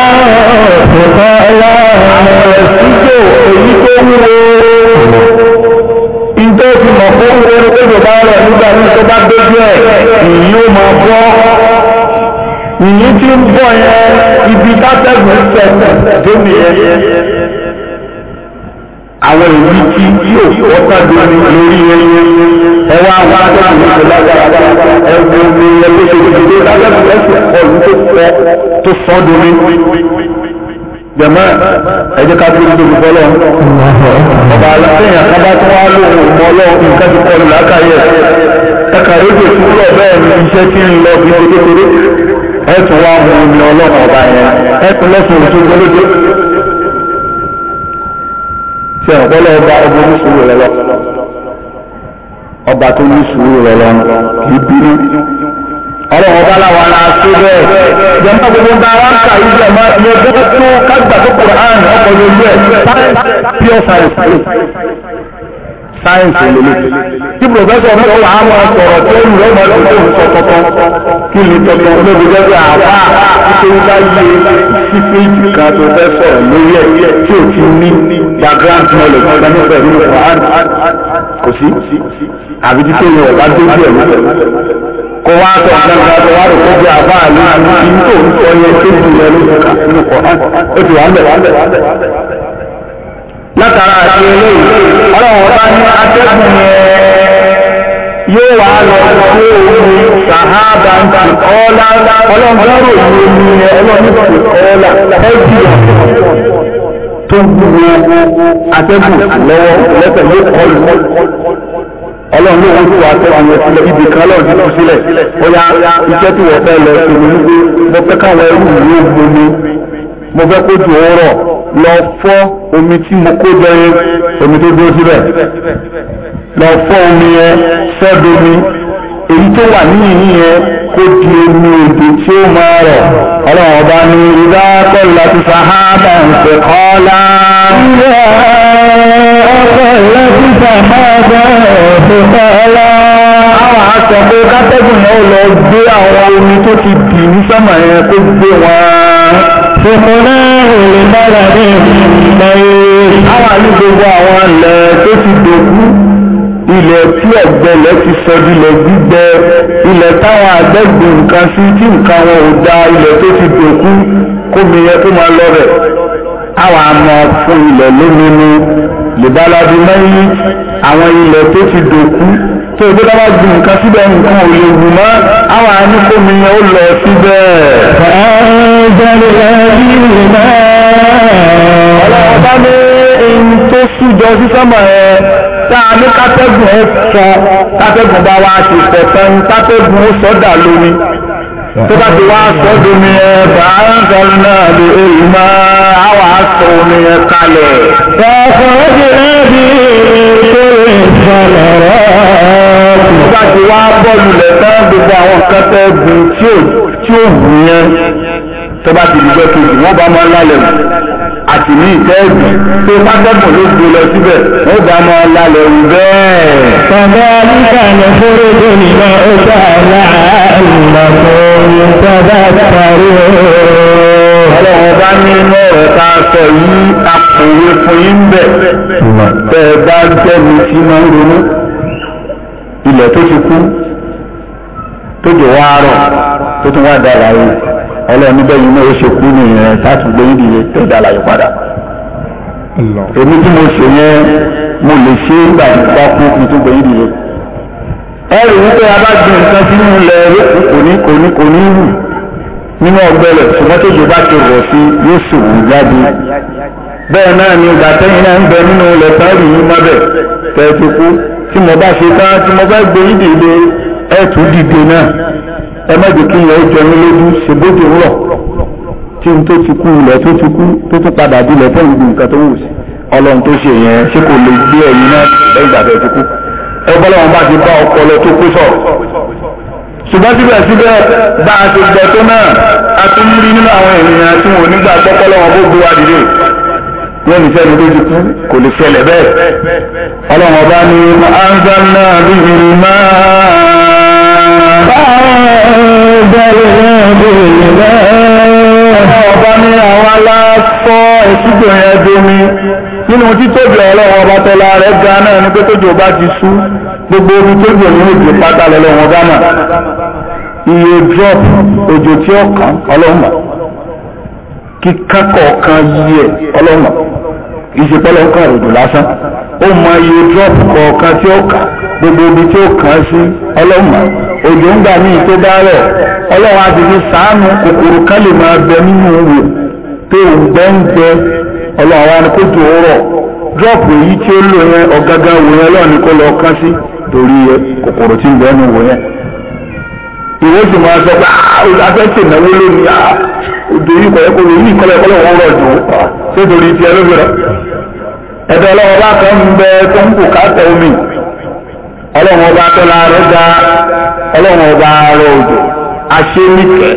ọ̀pọ̀ ọlọ́run ẹ̀ṣúgbò èyí tó ń wo ti mọ̀ fún orin tó lè bá rẹ̀ nígbà ní tó bá dójú ẹ̀ ìyí ó máa bọ́ ìyí tí ń bọ̀ yẹn ibi tátẹ́gùn tẹ̀sẹ̀ débi yẹn àwọn èyí tí yóò fọ́ tàbí lórí ẹ wá wá dáhùn ìṣẹ̀lẹ̀ lágbára ẹ wo ni ẹ ló ṣe ìṣẹ̀lẹ̀ lágbára ẹ sì pọ̀ ní tó fọ́ tó fọ́ domi jẹ̀mọ́ ẹ̀jẹ̀ ká tó gbogbo fọ́lọ́ ọba aláṣẹ́yìn àkábá tó wá lóhùn mọ́ lọ́wọ́ nǹkan ti kọlu lákàyè ẹ̀kàrí òjò tó lọ bẹ́ẹ̀ ni iṣẹ́ tí ń lọ bí ojú kékeré ẹ̀tún wá mú ní ọlọ́run ọba yẹn ẹ̀tún lọ́sùn òjò gbólódé ṣe ọ̀pọ̀lọ́ ọba ọba oníṣòwò rẹ lọ ọba tó ní sùúrù rẹ lọ kì í bínú ọlọ́run bá láwa la ṣe bẹ́ẹ̀ jẹ́mọ́ gbogbo bá wa ń kà yí jẹ́mọ́ ẹ̀yẹ gbogbo tó kágbà tó kọ̀ áàrùn ọkọ̀ lójú ẹ̀ pure science sáyẹ̀nsì lélẹ̀ tí pòfẹ́sọ̀ náà wà á máa sọ̀rọ̀ tó ń lọ́ máa tó ń sọ tọ́tọ́ kí ni tọ́tọ́ lóbi jẹ́bi àbá nítorí bá yẹ sípéjì kan pòfẹ́sọ̀ lórí ẹ̀ tí ò ti ní background knowledge ọ̀gá nípa ẹ̀mí ọ̀hán kò sí àbí títí ìwọ̀n bá dé bí ẹ̀mí kó wá sọ gbangba kó wá rò kó bí àbá àlú ìlú tó ń sọ yẹn tó jù lọ nínú kọ ó ti wà ń bẹ̀ látara àti eléyìí ọlọ́run bá ní atẹ́gùn yẹn yóò wá lọ sí omi sàhábà ń ti kọ́lá ọlọ́gbọ́rò ní omi ẹ ọlọ́gbọ́rò ti kọ́lá ẹ̀jì tó gbogbo atẹ́gùn lọ́wọ́ lẹ́sẹ̀ ló kọlù ọlọ́run ló wọ́n wà tó àwọn ẹ̀sílẹ̀ ibì kan lọ́run ti kú sílẹ̀ bóyá iṣẹ́ tí wọ́n fẹ́ lọ sí mi wípé mo fẹ́ káwọn ẹrú ìlú ògbó mi mo fẹ́ kó jù ó lọ fọ́ omi tí mo kó jẹ yẹn omi tó dúró síbẹ̀ lọ fọ́ omi yẹn sẹ́domi èyí tó wà níyìn yẹn kó di omi òjò tí ó máa rọ̀ ọlọ́run ọba ní ìdá pẹ̀lá ti sàhábà ń pè kọ́ láàá àwọn aṣọ pé kátẹ́gùn náà lọ gbé àwọn omi tó ti dì ní sọ́mà yẹn kó gbé wọn fòfò náà ò lè bára bí ìgbà yìí àwọn àlú gbogbo àwọn ilẹ̀ tó ti dòkú ilẹ̀ tí ọ̀gbẹlẹ̀ ti sọ dilẹ̀ gbígbẹ ilẹ̀ táwọn àgbẹ̀gbìn nǹkan sí tí nǹkan wọn ò da ilẹ̀ tó ti dòkú kómi yẹ kó máa lọ rẹ̀ àwọn àmọ́ fún ilẹ̀ lómi ni lèbáládì mẹ́yìn àwọn ilẹ̀ tó ti dòkú tó o gbọ́dọ̀ bá ju nǹkan síbẹ̀ nǹkan ò lè wù mọ́ àwọn àníkómi yẹn ó lọ síbẹ̀. ọlọ́wọ́ bá ní ohun tó sùjọ sí sọ́mọ̀ ẹ̀ tá a ní kátẹ́gùn ó sọ kátẹ́gùn bá wa ti pọ̀ tán kátẹ́gùn ó sọ́dà lómi tó bá ti wá sọ́dọ̀ mi ẹ̀ bá ń sọ náà lè èyí máa á wà á sọ omi ẹ̀ kalẹ̀. ọ̀pọ̀ ti rẹ̀ bí ètò ìṣẹ̀lẹ̀ rẹ̀. tó bá ti wá bọ́ọ̀lù lẹ̀ tán gbogbo àwọn kátẹ́gùn tí ò wù yẹn tó bá ti dìgbẹ́ kejì wọ́n bá máa ń lálẹ́ wù àti ní ìtẹ́ẹ̀bì tó pátákùn ló gbé lọ síbẹ̀ ó bá mọ lálẹ́ òun bẹ́ẹ̀. bàbá nígbà ní fúrú tó nìyà ó bá aláàlùmọ̀ tó bá parí o. ọlọ́run bá ní inú ọ̀rọ̀ tá a sọ yìí àpòwé fún yín bẹ̀ tẹ́ ẹ bá jẹ́mi tí máa ń ronú ilẹ̀ tó ti kú tó jò wá rọ̀ tó tún wá dára yìí. ọlọ́ọ̀nibẹ́ yìí náà ó ní ìrìn sátúgbé yìí nìyẹn tó dá láyé padà. èmi tí mo ṣe yẹn mo lè ṣe é gbà kú kí tó gbé yìí ẹ rí i a bá gbin nǹkan sínú ilẹ̀ kò ní kò ní kò ní wù nínú ọgbẹ́lẹ̀ ṣùgbọ́n tó bá ti rọ̀ sí yóò jáde ẹ tún dìde náà ẹ má jẹ́ kí ilẹ̀ ó jẹun lójú ṣègbójú rọ̀ tí n tó ti kú ilẹ̀ tó ti kú tó tún padà di ilẹ̀ fún ìgbìn nǹkan tó wù sí ọlọ́run tó ṣe yẹn ṣé kò lè gbé ẹ̀yìn náà lẹ́yìn ìgbà tó ti kú ẹ bọ́lá wọn bá ti bá ọpọlọ tó kú sọ̀rọ̀ ṣùgbọ́n síbẹ̀síbẹ̀ bá a ti gbẹ tó náà a tún rí nínú àwọn ènìyàn tí wọn ò ní gbà gbọ́kọ́ lọ́wọ́ bó gbé wa dìde wọ́n ní sẹ́ni tó ti kú kò lè ṣẹlẹ̀ bẹ́ẹ̀ ọlọ́run ọba ni nínú títóbi ọlọ́wọ́ ọba tọ́lá rẹ̀ ga náà ní pé tójò bá ti sú gbogbo omi tójò ní òjò pátá lọ́wọ́ gánà iye drop òjò tí ó kàn ọlọ́mà kíkákọ̀ kan yí ẹ̀ ọlọ́mà ìṣepẹ́lẹ̀ ń òjò lásán ó mọ iye drop kọ̀ọ̀kan tí ó kàn gbogbo omi tí ó kàn òjò ń gbà míì tó bá rẹ̀ ọlọ́run àti fi sàánú kòkòrò kan lè máa bẹ nínú wò tó ń gbẹ́ ń gbẹ ọlọ́run ni kó drop èyí tí ó lò yẹn ọ̀gágá wò yẹn lọ́ọ̀ni kó lọ sí torí kòkòrò tí ń bẹ nínú wò yẹn ìwé sì máa sọ pé ah, ọlọ́run ọba tó láàárọ̀ ga ọlọ́run ọba àárọ̀ òjò àṣẹ nìkẹ́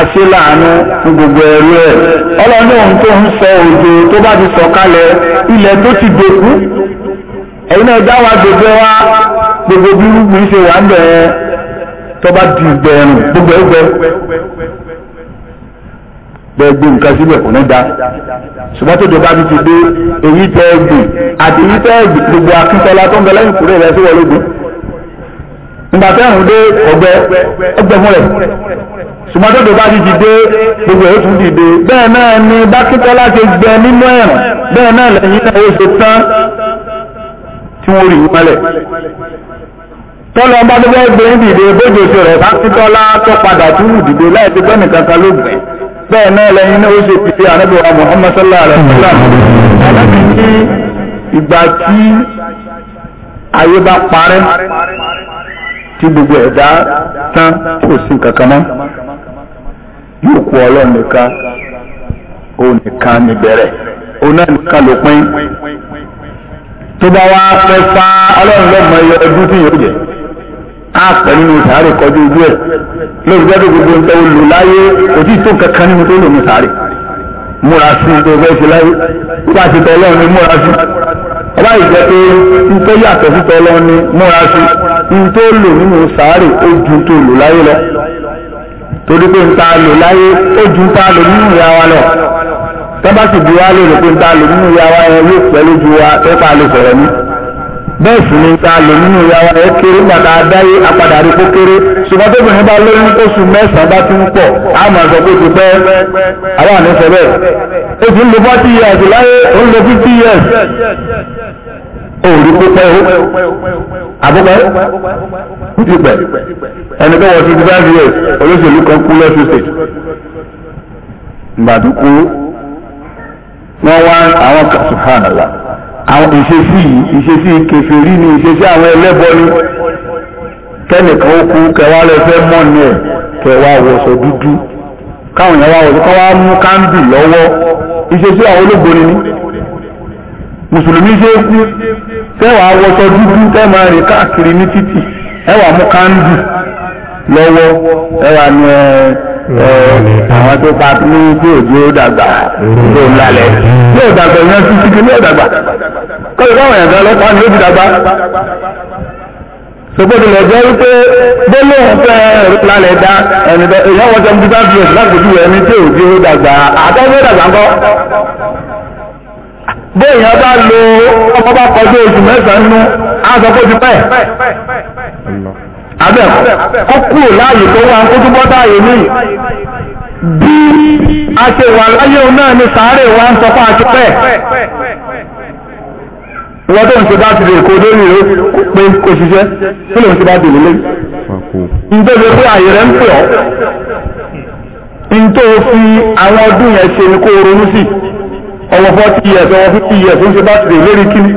àṣẹ láàánú fún gbogbo ẹrú ẹ̀ ọlọ́run tó ń sọ òjò tó bá ti sọ̀kalẹ̀ ilẹ̀ tó ti dòkú ẹ̀yin náà dáwà gbogbo wa gbogbo bí wọ́n ṣe wà ń bẹ̀ ẹ́ tó bá di gbẹ̀rùn gbogbo ẹgbẹ́ bẹ́ẹ̀ gbé nǹkan síbẹ̀ kò ní da ṣùgbọ́n tó dọ̀bá ti ti dé èyí tẹ́ gbìn àti èyí tẹ́ gbìn gbogbo akíntọ́lá tó ń bẹ lẹ́yìn kúrò rẹ̀ sí wọlé gbìn nígbà tí àrùn dé ọgbẹ ọgbẹ fún rẹ sùmọ́tòdò bá ti dìde gbogbo ẹ̀ tún dìde bẹ́ẹ̀ náà ni bákítọ́lá ti gbẹ nínú ẹ̀rùn bẹ́ẹ̀ náà lẹ́yìn náà ó ṣe tán tí wọ́n rí mọ́lẹ̀ tọ́lọ́ bá tó fẹ́ gbé dìde bójú oṣù rẹ̀ bákítọ́lá tó padà tún dìde láì ti bẹ́ẹ̀ nìkan kan ló gbẹ bẹ́ẹ̀ náà lẹ́yìn náà ó ṣe pèsè ànábìwá Muhammad sallallahu alaihi wasallam ìgbà tí ayé bá parẹ́ tí gbogbo ẹ̀dá tán tí ò sí nǹkan mọ́ yóò kú ọlọ́run nìkan òun nìkan níbẹ̀rẹ̀ òun náà nìkan ló pín tó bá wá fẹ́ fa ọlọ́run lọ́mọ ẹyọ ọdún tí yóò jẹ́ á pẹ̀ nínú sàárè kọjú ojú ẹ̀ lórí gbẹ́dọ̀ gbogbo ń tẹ́ láyé tó kankan nínú tó lò ní sàárè múra sí ṣe láyé ọba ìjẹ pé ntọ́ yàtọ̀ sí tọ́lọ́ ní múra sí ntọ́ lò nínú sàárè ó ju tó lò láyé lọ torí pé nta lò láyé ó ju nta lò nínú ìyá wa lọ tọ́ba sì bu wa lè rò pé nta lò nínú ìyá wa yẹn yóò pẹ́ lójú wa tẹ́pà lè sọ̀rọ̀ ní. bẹ́ẹ̀ sì ni ta lò nínú ìyàwó ẹ kéré gbàtà adáyé apàdàrí kó kéré ṣùgbọ́n tó bìnrin bá lóyún oṣù mẹ́sàn-án bá ti ń pọ̀ á máa sọ pé ti pẹ́ àwọn sọ bẹ́ẹ̀ ti ń lo forty years láyé ó ń lo fifty years ó rí pípẹ́ ó àbúkẹ́ ó ti ẹni tó wọ twenty five years olóṣèlú kan kú lọ́sùn stage ìgbà wọ́n wá àwọn kan àwọn ìṣesí yìí ìṣesí kèfèrí ni ìṣesí àwọn ẹlẹ́bọ ni kẹ́nìkan ó kú kẹwàá lọ fẹ́ mọ̀ ní ẹ̀ kẹwàá wọ̀sọ̀ dúdú káwọn ìyàwó àwọn ọ̀sán wá mú káńdì lọ́wọ́ ìṣesí àwọn olóògbò ni mùsùlùmí ṣe é kú tẹ́wàá wọ̀sọ̀ dúdú tẹ́ máa rìn káàkiri ní títì ẹwà mú káńdì lọ́wọ́ ẹ wà ní ẹ àwọn tó pa ní tí òjò dàgbà tó ń lálẹ́ ní ìdàgbà ìran títí kí ní ìdàgbà kọ́lù káwọn ẹ̀dá ọlọ́pàá ni ó ti dàgbà sọgbọ́dọ̀ lọ jẹ́ wípé bọ́lọ̀ ọ̀fẹ́ lálẹ́ dá ẹni bẹ́ẹ̀ èyí àwọn ọjọ́ bíbá bí ẹ̀sìn láti ojú ẹni tí òjò dàgbà àtọ́jú dàgbà ńkọ́ bóyá bá lo ọmọ bá kọjú oṣù mẹ́sàn-án nú á sọ pé ó ti pẹ́ abẹ́ kó kúrò láàyè tó wà ń kó túbọ̀ dáàyè ní bí a ṣe wà láyé òun náà ni sàárè wa ń sọ fún akẹ́kẹ́ ìwọ́n tó ń ṣe bá ti lè kó lórí rẹ̀ pé kò ṣiṣẹ́ kí ló ń ṣe bá dè lélẹ́yìn ìgbésẹ̀ pé àyè rẹ̀ ń pè ọ́ ntó fi àwọn ọdún yẹn ṣe ni kó ronú sí ọwọ́ forty years ọwọ́ fifty years ń ṣe bá ti lè lérí kíní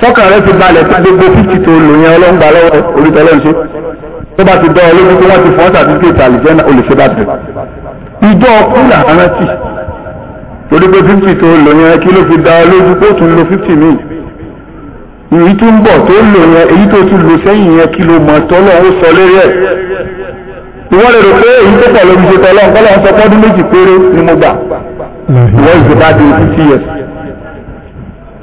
sọ́kàn rẹ ti balẹ̀ tí gbogbo fífi tó lò yẹn ọlọ́ngbà lọ́wọ́ orítọ́ lọ́n ṣe tó bá ti dán ọ lójú pé wọ́n ti fọ́n sàtúntì àlìjẹ́nà olùṣe bá bẹ̀. ìjọ ọkùnrin làwọn rántí torí pé fífi tó lò yẹn kí ló fi dá ọ lójú pé ó tún lo fífi míì èyí tó ń bọ̀ tó lò yẹn èyí tó tún lò sẹ́yìn yẹn kí ló mọ̀ tọ́lọ́ ó sọ lérí ẹ̀. ìwọ́n lè rò pé èyí tó pọ̀ lómi ṣe tọ́lọ́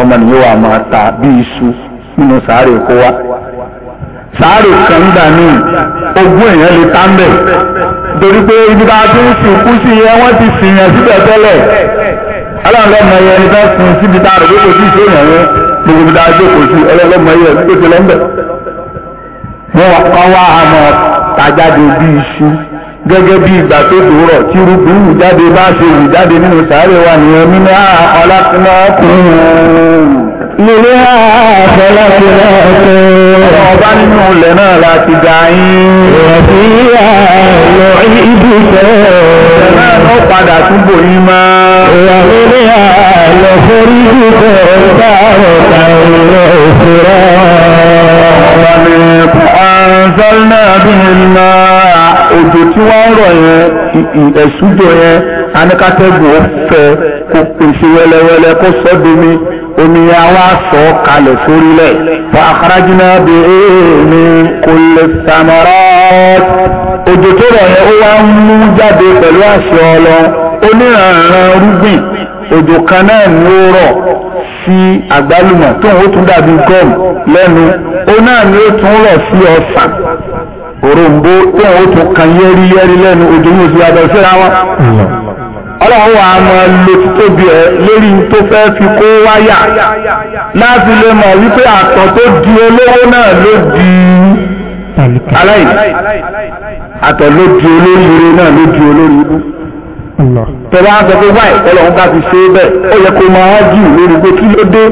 ọmọnìyàn wa máa ta bí iṣu nínú sàárè kó wá sàárè ogún èèyàn lè torí pé ibi a ti ń sìnkú sí yẹn wọ́n ti sìn yẹn síbẹ̀ tẹ́lẹ̀ ọlọ́ọ̀lọ́mọ yẹn ni fẹ́ẹ́ sin síbi tá a rò pé sí ìṣó yẹn gbogbo bí dáa sí yẹn ní pépé wá àmọ́ tajáde bí iṣu gẹ́gẹ́ bí ìgbà tó dòrọ̀ tí rúgbù wù jáde bá ṣe wù jáde nínú sàárè wa nìyẹn nínú ọlákùnrin nílé àfọlákùnrin ọ̀tọ̀ ọba nínú ilẹ̀ náà láti ga yín ìrọ̀sí àlọ́ ìdúsẹ́ ìrọ̀sí náà padà túbò yín mọ́ ìrọ̀sí àlọ́ forí ìdúsẹ́ ọ̀tá ọ̀tá ìrọ̀ òfurọ́ ọ̀tá ni anzalna ọ̀rọ̀ yẹn ẹ̀sùjọ yẹn anikatẹ́gùn ó fẹ́ kó pèsè wẹ́lẹ́wẹ́lẹ́ kó sọ́domi omi àwa sọ kalẹ̀ sórílẹ̀ fa akhrajna bi min kulli thamarat òjò tó rọ̀ yẹn ó wá ń mú jáde pẹ̀lú àṣẹ ọlọ onírànràn rúgbìn òjò kan náà ni ó rọ̀ sí àgbálùmọ̀ tóun ó tún dàbí gọ́ọ̀mù lẹ́nu ó náà ni ó tún rọ̀ sí ọsàn òròǹbó tí wọn ó tún kan yẹ́rí yẹ́rí lẹ́nu ojú ní oṣù abẹ síra wọn. ọlọ́run wa máa lo títóbi ẹ lórí tó fẹ́ fi kó wáyà láti lè mọ̀ wípé àtọ̀ tó di olówó náà ló di aláì àtọ̀ ló di olóríire náà ló di olórí ibú. tẹ̀wá sọ pé wáì ọlọ́run ká fi ṣe é bẹ́ẹ̀ ó yẹ kó máa jù lórí pé kí ló dé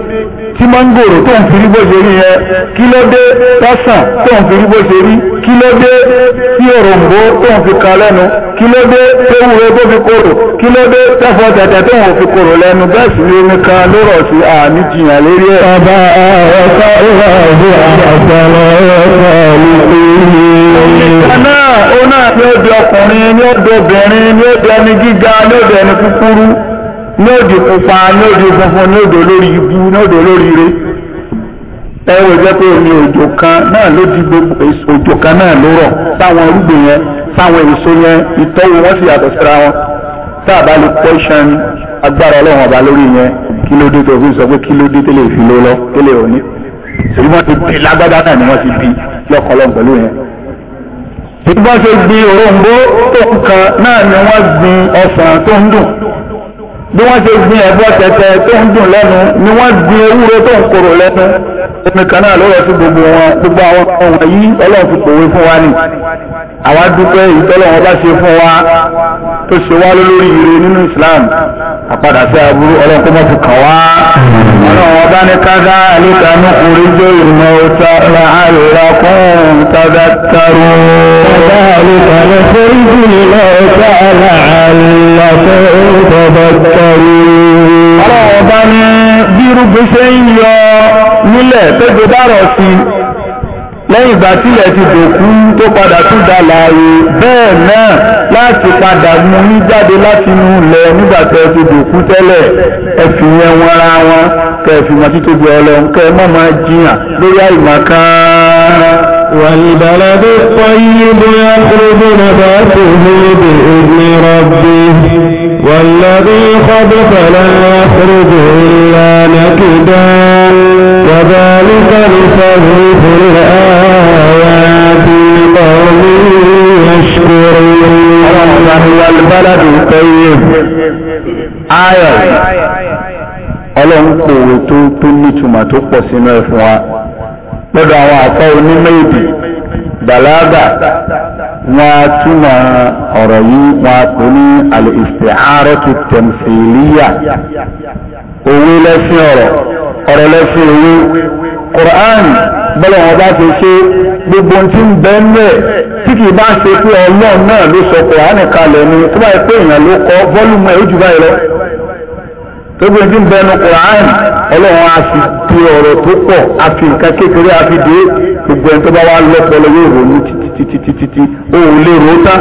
tí mángòrò tó ń fi rí bó ṣe rí yẹn kí ló dé tọ́sàn tó ń fi rí bó ṣe rí kí ló dé tí òròǹbó tó ń fi kan lẹ́nu kí ló dé tó wúre tó fi korò kí ló dé tẹ́fọ́ tẹ̀tẹ̀ tó ń fi korò lẹ́nu bẹ́ẹ̀ sì ni omi kan ló rọ̀ sí àmì jìyàn lérí ẹ̀. bàbá ọ̀sán ìwà ìwé àgbàlá ọ̀sán ìlú ó náà ní ó di ọkùnrin ní ó di obìnrin ní ó di ẹni gíga ní ó di ẹni kúkúrú ní ó di pupa ní ó di funfun ní ó di olórí ibu ní ó di olórí ire. e jẹ́ pé omi òjò kan náà ló di gbogbo òjò kan náà ló rọ̀ sáwọn irúgbìn yẹn sáwọn èso yẹn ìtọ́wò wọ́n sì yàtọ̀ síra wọn tá a bá lè pẹ́ṣán agbára ọlọ́run ọba lórí yẹn kí ló dé tó fi sọ pé kí ló dé tẹ́lẹ̀ ìfìló lọ tẹ́lẹ̀ òní èyí ni wọ́n ti bí pẹ̀lú yẹn. ṣe gbin òróǹbó tó ni wọ́n gbin tó ń dùn bí wọ́n ṣe gbin ẹ̀bọ́ tẹ̀tẹ̀ tó ń dùn lẹ́nu ni wọ́n gbin ewúro tó ń korò lẹ́nu omi kan náà ló rẹ̀ sí gbogbo wọn gbogbo àwọn ọmọ yìí ọlọ́run ti pòwe fún wa ni àwa dúpẹ́ ìtọ́lọ́wọ́n bá ṣe fún wa tó ṣe wá lórí ire nínú Islam àpadà sí aburú ọlọ́run kó mọ̀ fi kàn wá. ọlọ́run ọba ní kádà àlùkà ní kùrìjọ́ ìmọ̀ ọ̀tá la àlùra kún tàdá tarú. kádà àlùkà ní kùrìjọ́ ìmọ̀ ọ̀tá la àlùra kún tàdá tarú. ọlọ́run ọba ní bírú gbèsè ń yọ nílẹ̀ tó gbé dárọ̀ sí lẹ́yìn ìgbà tílẹ̀ ti dòkú tó padà tún da láàyè bẹ́ẹ̀ náà láti padà mú ní jáde láti inú ilẹ̀ nígbà tẹ́ ti dòkú tẹ́lẹ̀ ẹ̀fì yẹn wọn ara wọn kẹfì wọn títóbi ọlọ́run kẹ mọ́ máa jiyàn lórí àìmọ̀kan. والبلد الطيب يخرج نباته بإذن ربه والذي خبث لا يخرج إلا نكدا وذلك نصرف الآيات لقوم يشكرون هو البلد الطيب آية ọlọ́run kò wò tó tó nítumọ̀ tó pọ̀ sínú ẹ̀ fún lọ́dọ̀ àwọn àkọ́ onímọ̀ èdè bàlágà nwa a túmọ̀ ọ̀rọ̀ yìí wọn a pè ní al-isti'aratu tamthiliya òwe lẹ́sìn ọ̀rọ̀ ọ̀rọ̀ lẹ́sìn òwe Qur'an bọ́lọ̀ wọn bá ti ṣe gbogbo tí ń bẹ ńlẹ̀ tí kì í bá ṣe pé ọlọ́run náà ló sọ kalẹ̀ tó báyìí pé lọ. tóbi ojú ń bẹnu Quran ọlọ́run a fi di ọ̀rọ̀ tó pọ̀ a fi nǹkan kékeré a fi dé gbogbo ẹni tó bá wà lọ́pọlọ yóò ronú títítítítí òun lè ro tán.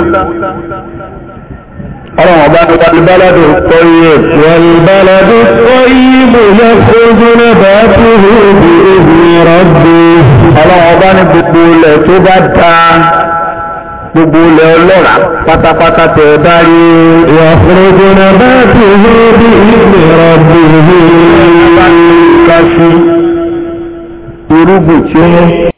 ọlọ́run ọba ní wàlúbáládò tọ́ iye. wàlúbáládò tọ́ iye bò yẹ fojú ní bàtú ìhòòhò ìhòòhò ìrọ̀bì. ọlọ́run ọba ní gbogbo ilẹ̀ tó bá dáa gbogbo ilẹ̀ ọlọ́ra pátápátá tẹ ẹ bá rí. ìwàfúrúgbìnà bá ti rí bí ìgbìrọ̀ bí i. ìwà bá ti ká sí irúgbìn tí ó ń.